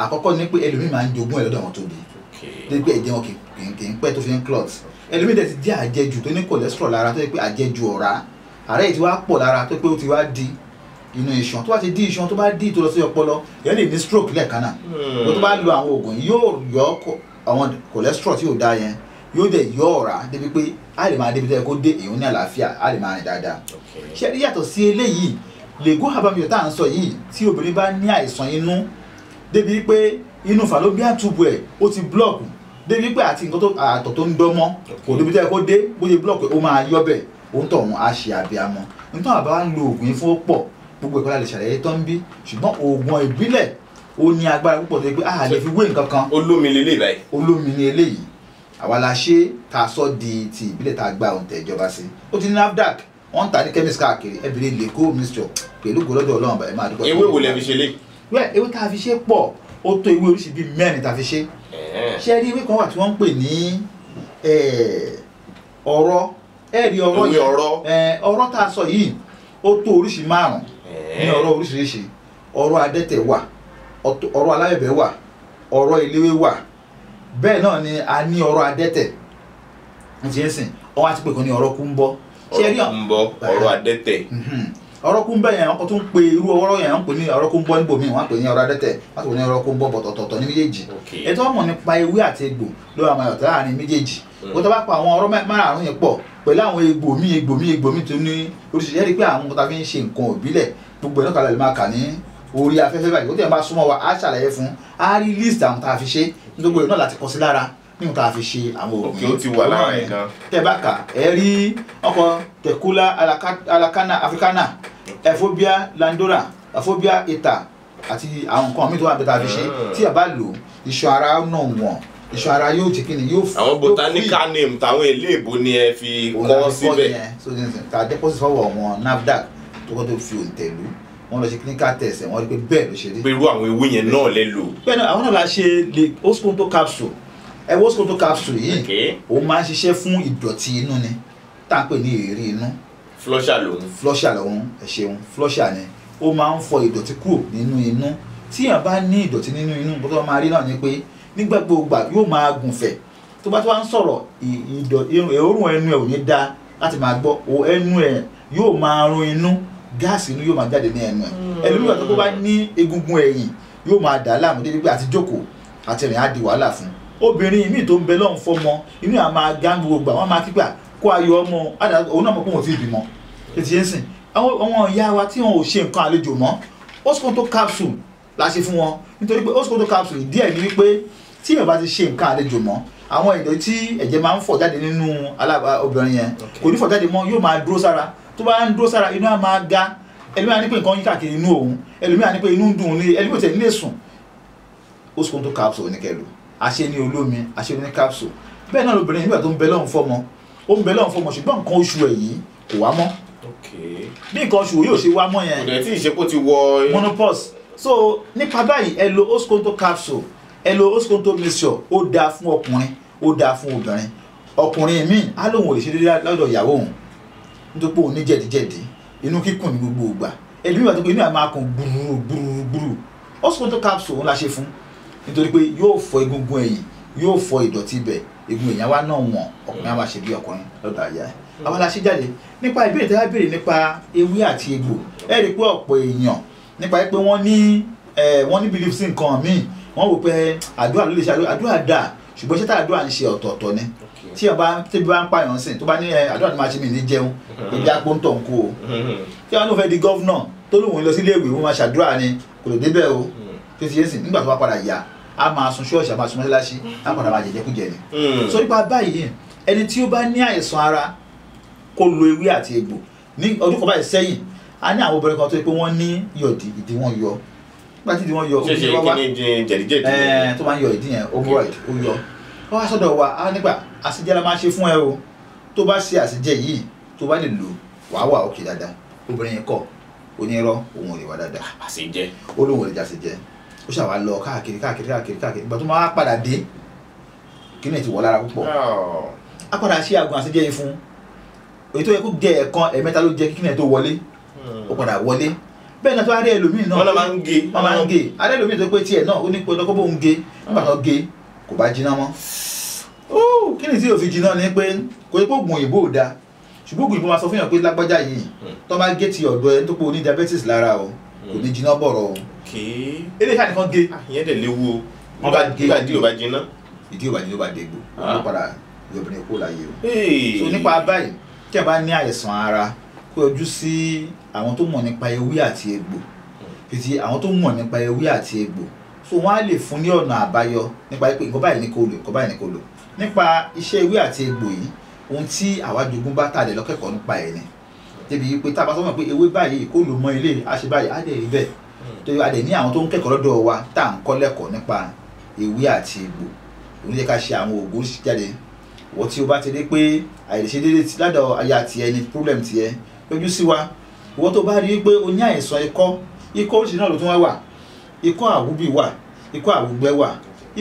àkọ́kọ́ ni pé ẹlòmíì máa ń jogún ẹ̀ lọ́dọ̀ àwọn tó le dégbé ẹ̀jẹ̀ wọn kì í pẹ́ tó fi ń clot ẹlòmíì tẹ̀sí jẹ́ àjẹjù tó ní cholesterol lára tó yẹ pé àjẹjù ọ̀rá àárẹ̀ yìí ti wá pọ̀ lára tó pé ó ti wá di inú iṣan tó bá ti dí iṣan tó bá dí tó lọ sí ọpọlọ yẹn lè ní stroke lẹ́ẹ̀kan náà tó hmm. tó bá lo àwọn oògùn yóò yọ àwọn cholesterol tí ò da yẹn yóò dẹ̀ yọ ọ̀rá débi pé a lè máa débi tó yẹ kó dé èèyàn ní àlàáfíà a lè máa rìn dáadáa ṣé yàtọ̀ sí eléyìí lè gún àbámiyọ̀ tá à ń sọ yìí tí obìnrin bá ní àìsàn inú débi pé inú fallopian tube ẹ̀ ó ti block débi pé àti nǹkan tó àtọ̀ tó ń dánmọ́ kò débi tẹ́ kó dé bó ṣe block ó máa yọ bẹ̀ ó ń tọ̀ wọn á ṣe àbíamọ nítorí àbá wa ń lo oògùn yìí fún ó pọ̀ gbogbo ìkọlá lè ṣàlàyé tó ń bí ṣùgbọ́n oògùn ìbílẹ̀ ó ní agbára púpọ̀ tó yẹ pé ah, a lè fi wé nǹkan kan olómi ni eléyìí báyìí olómi ni eléyìí àwa la ṣe tá a sọ di ti ìbílẹ̀ tá a gba òǹtẹ̀ ìjọba sí ó ti ní NAFDAC wọ́n wẹ́ẹ̀ ewé tá a fi ṣe pọ̀ ó tó ewé oríṣi bíi mẹ́rin tá a fi ṣe ṣe rí ewé kan wà tí wọ́n ń pè ní ọ̀rọ̀ ẹ̀rí ọ̀rọ̀ yìí ọ̀rọ̀ tá a sọ yìí ó tó oríṣi márùn ní ọ̀rọ̀ oríṣiríṣi ọ̀rọ̀ adẹ́tẹ̀ wà ọ̀rọ̀ alábẹ̀bẹ̀ wà ọ̀rọ̀ ìléwé wà bẹ́ẹ̀ náà ni a ní ọ̀rọ̀ adẹ́tẹ̀ ní ti ń sìn ọ̀rọ̀ àti pé kò ní ọ̀rọ̀ kú ń bọ́ ọ̀rọ̀ kú ń bọ́ ọrọ́kún bẹ́ẹ̀ yẹn ọkọ̀ tó ń pe irú ọwọ́rọ́ yẹn ń pè ní ọrọ́kún bọ́ níbò míì wọ́n á pè ní ọrọ́ adẹ́tẹ̀ wọ́n á pè ní ọrọ́kún bọ́ bọ̀tọ̀tọ̀tọ̀ ní méjèèjì ètò ọmọ nípa ewé àti egbò ló wà máa yọ̀tọ̀ láàrin méjèèjì kó mm. tó bá pa àwọn ọrọ́ márààrún yẹn pọ̀ pẹ̀lú àwọn egbò míì egbò míì egbò míì tó ní oríṣiríṣi ẹ̀rí pé àwọn tá fi ń ṣe nǹkan òbílẹ̀ gbogbo ẹ̀nà kàlẹ́ máa kà ní orí afẹ́fẹ́ báyìí ó tẹ̀ máa súnmọ́ wa á ṣàlàyé fún á rí list àwọn tá a fi ṣe nítorí gbogbo ẹ̀ náà láti kọ sí lára ní ta fi ṣe àwọn òògùn yìí. òkè ó ti wà lára ẹ̀ gan. tẹ bá kà ẹ rí ọkọ tẹkula alakana africana ephobia landora ephobia eta àti àwọn nǹkan mi tó wà bẹ́ẹ̀ ta fi ṣe ah. tí a bá lò iṣan ara náà wọ̀n iṣan ara yóò ti kíni yóò fi. àwọn botanical name táwọn eléèbó ni ẹ fi kọ́ síbẹ̀. ta deposit fọwọ́ wọn nafdac tó kọ́ tó fi òǹtẹ̀lú wọ́n lọ ṣe clinical test ẹ̀ wọ́n rí pé bẹ́ẹ̀ ló ṣe rí. pẹ̀lú àwọn ewé yẹn náà lè lò. bẹ́ẹ̀ àwọn náà la ṣe le osponto capsule ẹ wo scoto capsule yìí ó máa ń ṣiṣẹ́ fún ìdọ̀tí inú ni tá à ń pè ní èérí inú. flusher lòun. flusher lòun ẹ ṣeun flusher ni ó máa ń fọ ìdọ̀tí kúrò nínú inú tí èèyàn bá ní ìdọ̀tí nínú inú bó tó máa rí náà ni pé nígbà gbogbo yóò máa gùnfẹ̀ tó bá tó wá ń sọ̀rọ̀ òórùn ẹnu ẹ̀ ò ní dáa láti máa gbọ́ o ẹnu ẹ̀ yóò máa run inú gáàsì inú yóò máa jáde ní ẹnu ẹ̀ hmm. ẹlòmíràn tó bá ní egungun ẹ̀yìn yóò máa dà á láàmú débi pé àti jókòó àti rìn á di wàhálà fún un obìnrin ìmí tó ń bẹ lọ́hùn fọmọ inú àwọn máa gán gbogbo àwọn máa kígbà kó ayọ̀ ọmọ òun náà mọ̀ pé wọ́n ti bímọ ètí yẹn sìn àwọn ìyá wa tí wọn ò ṣe nǹkan àlejò mọ́ oscoto capsule la ṣe fún wọn nítorí pé oscoto capsule díẹ̀ ni wípé tí ìyẹn bá ti ṣe nǹkan àlejò mọ́ àwọn ẹ̀dọ̀ tí ẹ̀jẹ̀ máa ń fọ̀ jáde nínú obìnrin yẹn kò ní fọ̀ jáde mọ́ yóò máa dúró sára tó bá ń dúró sára inú á máa ga ẹlòmíràn ní pé nǹkan yín káàkiri inú òun ẹlòmíràn ní pé inú ń dùn ní ẹlòmíràn tẹ̀ nílé sùn oscoto capsule ní kẹlò àṣẹ ní olómi àṣẹ ní capsule bẹ́ẹ̀ náà lóbìnrin nígbà tó ń bẹ lọ́hùn fọ́mọ ó ń bẹ lọ́hùn fọ́mọ ṣùgbọ́n nǹkan oṣù ẹ̀ yìí kò wá mọ́ bí nǹkan oṣù yóò ṣe wá mọ́ yẹn kò dẹ̀ tí ìṣepò ti wọ eh, menopause so nípa báyìí ẹ lo oskonto capsule ẹ lo oskonto mixture ó dáa fún ọkùnrin ó dáa fún obìnrin ọkùnrin míì á lóun ò lè ṣe déédéé lọ́dọ̀ ìyàwó òun nítorí pé òun ní jẹ̀díjẹ̀dí inú kíkùn ní gbogbo ìgbà ẹlòmíràn tó pé inú àmà kan gbùrù gbùrù gbùrù oskonto capsule òun la ṣe fún nítorí pé yóò fọ egungun ẹ̀yìn yóò fọ ìdọ̀tí ibẹ̀ egun èèyàn wa náà wọ̀n ọkùnrin á máa ṣe bí ọkùnrin lọ́dọ̀ àyà ẹ̀ àwọn aláṣẹ jáde nípa ìbéèrè tí wọ́n béèrè nípa ewé àti egbò ẹ rí i pé ọ̀pọ̀ èèyàn nípa pé wọ́n ní wọ́n ní belief sí nǹkan míì wọ́n wò pé àdúrà ló lè ṣe àdúrà dà ṣùgbọ́n iṣẹ́ tá àdúrà ń ṣe ọ̀tọ̀ọ̀tọ̀ ni tí ọba tẹbi bá ń pààyàn sìn tó bá ní àdúrà tó máa ṣe mí ní jẹun ìdí apó ń tàn o tí wọn ló fẹ́ di gọ́vnà tó lóun lọ sílé ìwé wọn máa ṣàdúrà ni kò lè débẹ̀ o hmm. tó ti yé sìn nígbà tó bá padà yà a máa sun ṣọ́ọ̀ṣì a máa sun mọ́ṣáláṣí a kàn máa jẹjẹkújẹ ni. Hmm. so nípa báyìí ẹni tí ó bá ní àìsàn ara kó lo ewé àti egbò ní ọdún kan báyìí sẹ́yìn a ní àwọn obìnrin kan tó yẹ pé wọ́n ní yọ̀dí ìdí yọ nígbà tí ìdí yọ ojú wa wá tó máa ń yọ ìdí yẹn ogroid ó yọ wọ́n wá sọ́dọ̀ wa á nígbà àṣejẹ́ la máa ṣe fún ẹ o tó bá ṣe àṣejẹ́ yìí tó bá lè lò wàá wà òkè dáadáa obìnrin dáadáa àṣejẹ́ ó ó ṣàwà lọ káàkiri káàkiri káàkiri káàkiri ìgbà tó máa padà dé kí ni ti wọ̀ lára púpọ̀ á oh. padà ṣe àgùn àti jẹ́ ìfun èyí tó yẹ kó jẹ ẹ̀kan ẹ̀mẹ́ta ló jẹ kí ni tó wọlé hmm. ó padà wọlé bẹ́ẹ̀ náà tó arẹ́ ẹlòmíì náà wọ́n máa ń ge wọ́n máa ń ge arẹ́ ẹlòmíì tó pé tiẹ̀ náà ó ní pé ọkọ̀ bóun ge nígbà tó ge kò bá jiná mọ́ kí ni tí òfin jiná ni pé kò yẹ kó gun òyìnbó ò da ṣùgbọ́n ògùn ìbọn máa sọ fún yàn pé lágbájá yìí hmm. tó bá gé ti ọ̀dọ̀ ẹni tó pé o ní diabetes lára o kò ní hmm. jiná bọ̀rọ̀ o okay eléyìí àti kan gé àyẹn ah, dẹ̀ léwu o wọ́n bá gé ìgbà díò bá jiná. ìdíò bá jiná bá dégbò wọ́n ah. padà yọ̀bìnrin kó láyé o. so nípa báyìí tí a bá ní àìsàn ara kó yọjú sí àwọn tó mọ̀ nípa ewé àti egbò hmm. fìtí àwọn tó mọ̀ nípa ewé àti egbò so wọ́n á lè fún ní ọ̀nà àbáyọ nípa pé nǹkan báyìí ni kò lò nǹkan báyìí ni kò lò nípa iṣẹ́ ewé àti egbò yìí ohun tí àwa jogún bá tà lè lọ́kẹ́kọ̀ọ́ nípa ẹ̀ ni débi pé tá a bá sọ fún mi pé ewé báyìí kò lò mọ́ ilé àṣẹ báyìí á dẹ̀ rí bẹ́ẹ̀ tó yẹ adẹ̀ ní àwọn tó ń kẹ́kọ̀ọ́ lọ́dọ̀ wa tá à ń kọ́ lẹ́kọ̀ọ́ nípa ewé àti egbò òun yẹ ká ṣe àwọn oògùn jáde wọ́n tí o bá ti rí pé àìlèṣe déédéé ti ládọ̀ aya tiẹ̀ ni problem tiẹ̀ lójú sí wa ìwọ́n tó bá rí pé o ní àìsàn ikọ́ ikọ́ oríṣiríṣi náà ló tún wá wà ikọ́ àwúbì wà ikọ́ àwùgbẹ wà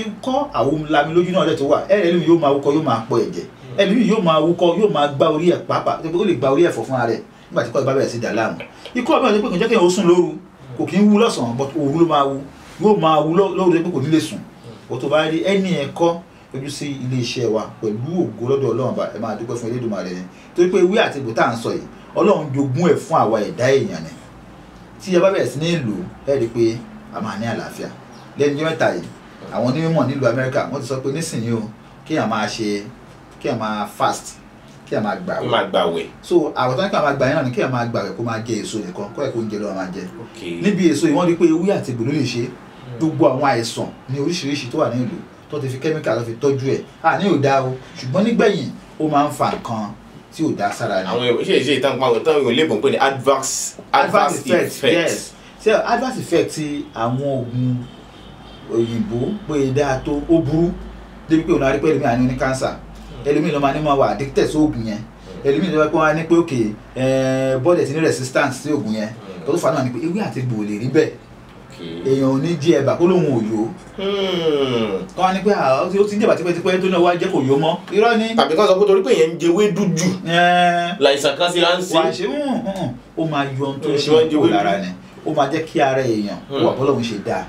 ikọ́ àwùlami lójú náà lẹ́tọ̀ wà ẹ̀rẹ́ ẹlòmíì yóò máa wúkọ́ yóò máa pọ̀ ẹ̀jẹ̀ ẹlòmíì yóò máa wúkọ́ yóò máa gbá orí ẹ̀ pàápàá ó lè gbá orí ẹ̀fọ́ fúnra rẹ̀ nígbà tí kọ́ ìbá bẹ̀rẹ̀ sí dà láàmú ikọ́ àbẹ̀rẹ̀ sí pé kò jẹ́ kéèyàn ó sùn lóru kò kí ń wú lọ́sàn-án but òru ló máa wú yóò máa wú lóore pé kò ní lè sùn kò tó bá rí ẹni ẹ̀kọ́ ojú sí ilé iṣẹ́ wa pẹ̀lú ògo lọ́dọ̀ ọlọ́run bá ẹ máa dúpẹ́ fún Elédùmarè ni torí pé ewé àti ìbòtá à ń sọ yìí ọlọ́run jogún ẹ̀ fún àwa ẹ̀dá èèyàn ni tí ẹ bá bẹ̀rẹ̀ sí ní ìlú ẹ rí i pé a máa ní àlàáfíà lẹ́nu jẹ́ mẹ́ta yìí àwọn onímọ̀ nílùú Amẹ́ríkà wọ́n ti sọ pé nísìnyí o kéèyàn máa ṣe kéèyàn máa fast kí a máa gbàwẹ̀. máa gbàwẹ̀. so àwọn tán kí a máa gbà yẹn náà ni kí a máa gbàwẹ̀ kó máa jẹ èso nìkan kó ẹ̀ kó ń jẹ lọ́wọ́ máa jẹ. níbi èso yìí wọ́n rí pé ewé àti gbòdó lè ṣe gbogbo àwọn àìsàn ní oríṣiríṣi tó wà ní ìlú tó ti fi kẹ́míkà lọ fi tọ́jú ẹ̀ à ní ò dáa o ṣùgbọ́n nígbẹ̀yìn ó máa ń fa nǹkan tí ò dá sára ni. àwọn ìṣe ìṣe ìtàn pa àwọn ìtàn ìròyìn lébùn pé adverse adverse effect yes so adverse effect ti àwọn oògùn òyìnbó pé dáa tó ó burú débi pé òun arípẹ́ lómi àní ní cancer ẹlòmíì ló máa ní máa wà addicted sí oògùn yẹn hmm. ẹlòmíì ló máa ní pé òkè eh, body ti ní resistance sí oògùn yẹn hmm. tó tó fà náà ni pé ewé àti gbòò lè rí bẹ́ẹ̀ èèyàn ò ní jí ẹ̀bà kó lóun ò yó kọ́ wa ni pé ah, ó ti ń jẹ̀bà tipẹ́tipẹ́ tó náà wá jẹ́ kò yó mọ́ irọ́ ni. tàbí ká sọ pé torí pé èèyàn ń jẹwé dúdú eh. láìsàn kan sí ránṣẹ́. wàá ṣe hmm, ó máa yọ ohun tó ṣe kó lára ni ó máa jẹ́ kí ara èèyàn wà bọ́lọ́hún ṣe dáa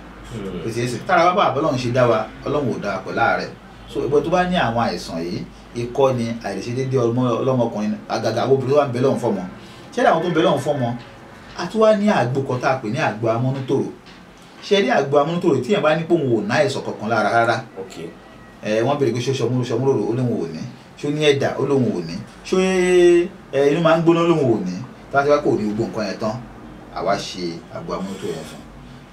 kò sí èsì tára bá bọ́lọ́hún ṣe dá wa ọlọ́hún ò dáa pọ̀ láàrẹ̀ so ìbọn tó bá ní àwọn àìsàn yìí ikọ́ ni àìlèṣedéédé ọlọ́mọkùnrin àgàgà àwọn obìnrin tó wà ń bẹ lọ́hùn fọ́mọ ṣé àwọn tó ń bẹ lọ́hùn fọ́mọ a tún wá ní àgbo kan tá a pè ní àgbo amúnútòrò ṣe rí àgbo amúnútòrò tíyẹn bá ní pé òun ò ná ẹ̀sọ̀ kankan lára rárá wọ́n bèrè pé ṣé ṣọmúrò ṣọmúrò ó lóun ò ní ṣó ní ẹ̀dà ó lóun ò ní ṣó inú máa ń gbóná lóun ò ní tá a ti wá kò ní gbogbo nǹkan yẹn tán àwa ṣe àgbo amúnútòrò yẹn fún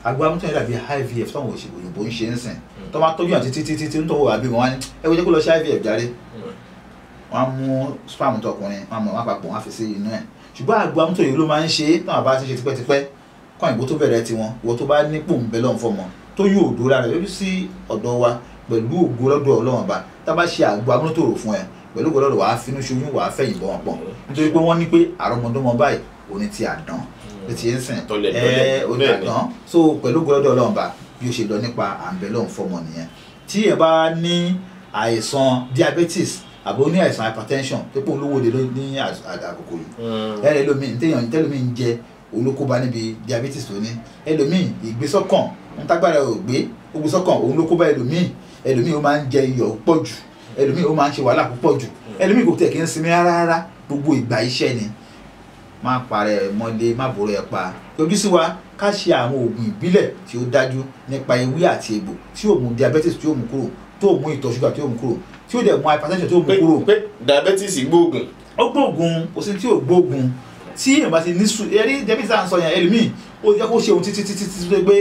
àgbà mú tẹ́lẹ̀ dàbí ivf táwọn òṣèlú òyìnbó ń ṣe ń sìn tó bá tọ́jú àti títí títí ń tọ́wọ́ àbí wọn á ní ẹ wọ́n jẹ́ kó lọ ṣe ivf járe wọ́n á mú sperm tọkùnrin wọ́n á mọ̀ wọ́n papọ̀ wọ́n á fi sí inú ẹ̀ ṣùgbọ́n àgbà mú tẹ́lẹ̀ ló máa ń ṣe táwọn àbá ti ṣe tipẹ́tipẹ́ kọ́ ìbò tó bẹ̀rẹ̀ tiwọn ìwọ tó bá nípò ń bẹ lọ́n fọmọ tó yóò dó lára rẹ̀ sí ọ̀dọ̀ wa pẹ̀lú ògo Ọlọ́run a bá ṣe àgbo amúnátòrò fún ẹ pẹ̀lú ògo lọ́dọ̀ wàá finú ṣoyún wàá fẹ̀yìnbọn pọ̀ nítorí pé etí ẹ̀ ń sìn ẹ̀ ọ̀dàgán so pẹ̀lú gbọ́dọ̀ ọlọ́run bá bí o ṣe lọ nípa àǹbẹ̀lọ́hún fọmọ nìyẹn tí ẹ bá ní àìsàn diabetes àbí ó ní àìsàn hypertension tó pọ̀ olówó de ló ní àkókò yìí hmm. ẹ̀rẹ́ lómi ntẹ́yàn tẹ́lómi ń jẹ olókóbá níbi diabetes tó ní ẹlòmíì ìgbésọ́kàn ntágbára ò gbé ògbésọ́kàn òun ló kóbá ẹlòmíì ẹlòmíì ó máa ń jẹ iyọ̀ pọ̀ jù ẹlòmíì ó máa ń ṣe wàhálà púpọ̀ jù ẹlòmíì kò tẹ̀ kí ń sinmi rárá gbogbo ìgbà iṣẹ́ ni má parẹ́ ẹ̀ mọ́lé má bòrò ẹ̀ pa yọjú sí wa ká ṣe àwọn oògùn ìbílẹ̀ tí ó dájú nípa ewé àti egbò tí ó mú diabetes tí ó mú kúrò tó mú ìtọ̀ ṣúgà tí ó mú kúrò tí ó dẹ̀ mú hypertension tí ó mú kúrò. pé diabetes gbóògùn. ó gbóògùn kò sí tí ò gbóògùn tí èèyàn bá ti ní sùn ẹrí diabetes à ń sọ yẹn ẹlòmíì ó yẹ kó ṣe ohun títí títí títí tó gbé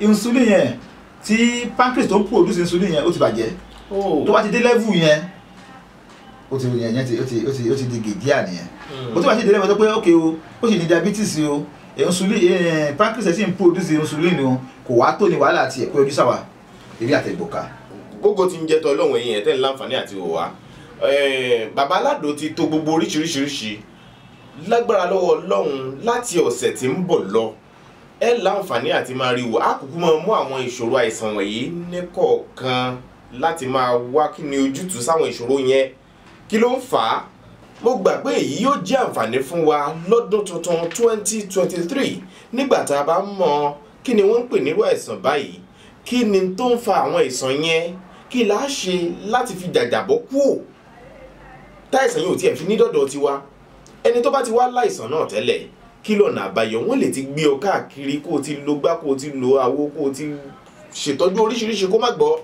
insulin yẹn tí pancreas tó ń produce insulin yẹn ó ti bàjẹ́ oh. tó bá ti dé level yẹn ó ti yẹn yẹn ó ti ó ti ó ti di gègéà nìyẹn hmm. ó tún wá sí ìdílé wọn tó pé ok o ó sì ní diabetes o eh, insulin eh, pancreas sì ń produce insulin o kò wá tó ní wàhálà àti ẹ̀kọ́ ojú sáwà eré àtẹ̀gbọ̀ká. gbogbo ti ń jẹ́ tọ́ lọ́wọ́ eyín ẹ̀ tẹ́ ń láǹfààní àti òwà eh, bàbá aládò ti tò gbogbo oríṣiríṣiríṣi lágbára lọ́wọ́ ọlọ́run láti ọ̀sẹ̀ tí ń bọ̀ lọ ẹ láǹfààní àti máa rí wò á máa mú àwọn ìṣòro àìsàn wọ̀nyí ní kọ̀ọ̀kan láti máa wá kí ni ojútùú sáwọn ìṣòro yẹn kí ló ń fà á mo gbà pé èyí yóò jẹ́ àǹfààní fún wa lọ́dún tuntun 2023 nígbà tá a bá mọ kí ni wọ́n ń pè nírú àìsàn báyìí kí ni tó ń fa àwọn àìsàn yẹn kí la ṣe láti fi jàjàbọ́ kúò táìsàn yóò tiẹ̀ fi ní dọ̀dọ̀ tiwa ẹni tó bá ti wá láìsàn náà tẹ́lẹ̀ kí lọ́nà àbáyọ wọ́n lè ti gbé ọ káàkiri kó o ti lo gbá kó o ti lo awo kó o ti ṣètọ́jú oríṣiríṣi kó má gbọ́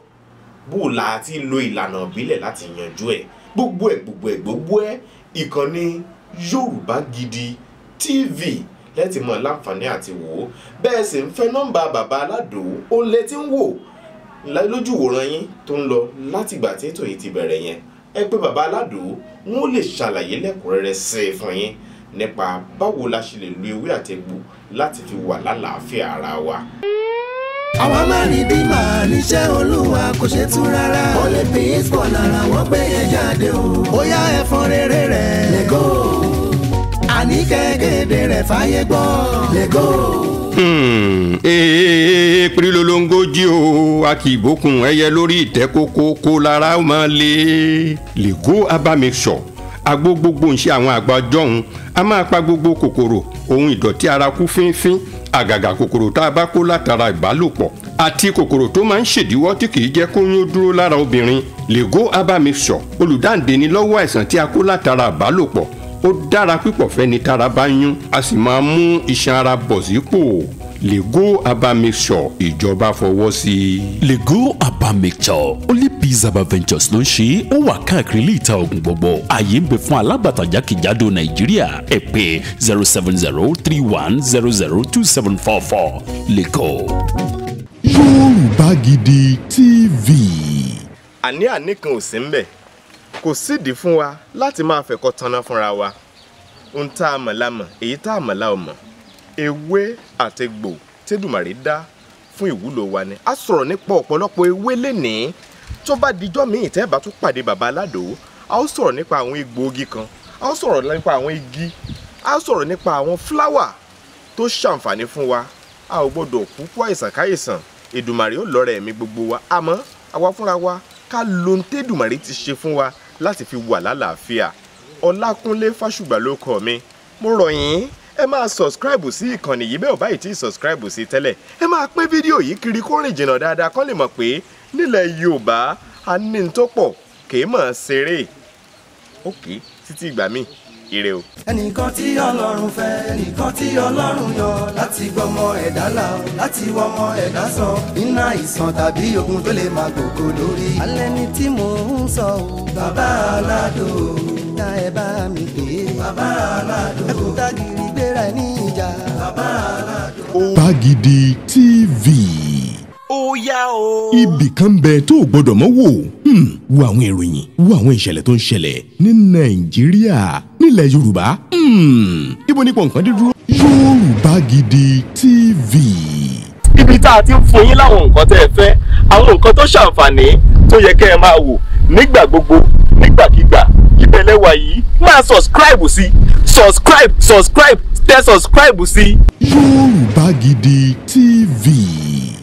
bù láti lo ìlànà ìbílẹ̀ láti yanjú ẹ̀ gbogbo ẹ̀ gbogbo ẹ̀ gbogbo ẹ̀ ìkànnì Yorùbá Gidi TV lẹ́tì mọ̀ láǹfààní àti wò ó bẹ́ẹ̀ sì ń fẹ́ nọ́mbà bàbá aládò ó lẹ ti ń wò lójú wòran yín tó ń lọ látìgbà tí ètò yìí ti bẹ̀rẹ̀ yẹn ẹ pé bàbá aládò wọn ò lè ṣàlàyé lẹ́kùnrẹ́rẹ́ sí i fún yín nípa báwo la ṣe lè lo ewé àtẹ̀gbò láti fi wà lálàáfíà ara wa àwa máa ní dìmà níṣẹ́ olúwa kò ṣe tún rárá ó lè fi ìsbọ̀ lára wọ́n gbé yẹn jáde o ó yá ẹ̀fọn rere rẹ̀ lẹ́gọ́ àní kẹ́gẹ́dẹ́ rẹ̀ fàyè gbọ́ lẹ́gọ́. èèpì hmm. lolongoji o a kì í bókun ẹyẹ lórí ìtẹ́ kó lára máa lè lè kó abamisọ agbó gbogbo ń àwọn àgbà jọ̀hún a máa pa gbogbo kòkòrò ohun ìdọ̀tí ara kú fínfín àgàgà kòkòrò tá a bá kó látara ìbálòpọ̀ àti kòkòrò tó máa ń ṣèdíwọ́ tí kìí jẹ́ kóyún dúró lára obìnrin lego herbal mixture olùdáǹdè ni lọ́wọ́ àìsàn tí a kó látara ìbálòpọ̀ ó dára pípọ̀ fẹ́ni tára bá yún a sì máa mú iṣan ara bọ̀ sípò. Lego go aba mixture ìjọba fọwọ́ sí i. le aba mixture only pizza aba ventures ló ń ṣe ó wà káàkiri ilé ìta ògùn gbogbo ààyè ń bẹ fún alágbàtà jákèjádò nàìjíríà ẹ pè zero seven zero three one zero zero two seven four four Lego. go. Yorùbá Gidi TV. àní àní kan ò sí ń bẹ̀ kò sídìí fún wa láti máa fẹ̀kọ́ tanná fúnra wa ohun tá a mọ̀ la mọ̀ èyí tá a mọ̀ la ò mọ̀ ewé àtegbò tẹ́dùmàrè dá fún ìwúlò wa ni a sọ̀rọ̀ nípa ọ̀pọ̀lọpọ̀ ewé lénìí tó bá dijọ́ míì tẹ́ bá tún pàdé bàbá aládò a ó sọ̀rọ̀ nípa àwọn egbòogi kan a ó sọ̀rọ̀ nípa àwọn igi a ó sọ̀rọ̀ nípa àwọn fúláwà tó ṣàǹfààní fún wa a ò gbọ́dọ̀ kúkú àìsàn káìsàn Èdùmàrè ó lọ́rẹ̀ mi gbogbo wa àmọ́ àwa fúnra wa ká lo ohun tẹ́dùmàrè ti ṣe fún wa láti fi wà lálàáfíà Ọlákúnlé Fásùgbà ló kọ mi mo rọ̀ yín ẹ máa subscribe sí ìkànnì yìí bẹ́ẹ̀ ò báyìí tí subscribe sí tẹ́lẹ̀ ẹ máa pín fídíò yìí kiri kó rìn jìnnà dáadáa kọ́ lè mọ̀ pé nílẹ̀ Yorùbá a ní tó pọ̀ kì í mọ̀ ṣeré òkè títí ìgbà míì ire o. ẹnìkan tí ọlọ́run fẹ́ ẹnìkan tí ọlọ́run yọ láti gbọmọ ẹ̀dá là ó láti wọmọ ẹ̀dá sọ iná ìsàn tàbí ogun tó lè máa gbòkó lórí. alẹ́ ni tí mò ń sọ o. bàbá aládùn. ta ẹ bá mi pè bàbá aládùn. ẹ kú gírí gbé gbéra ní ìjà. bàbá aládùn. Ògidì TV. ó yá o. ibì kan bẹ tó o gbọdọ̀ mọ́ wò hmm. wo àwọn ìròyìn wo àwọn ìṣẹ̀lẹ̀ tó ń ṣẹlẹ̀ ní Nàìjíríà nílẹ̀ Yorùbá hmm. ibo nípò nǹkan dídúró. Yorùbá Gidi TV. ibi tá a ti ń fún yín láwọn nǹkan tẹ́ ẹ fẹ́ àwọn nǹkan tó ṣàǹfààní tó yẹ kẹ́ ẹ máa wò nígbà gbogbo nígbàkigbà ibẹ̀ lẹ́wà yìí máa subscribe sí subscribe subscribe tẹ subscribe sí. Yorùbá Gidi TV.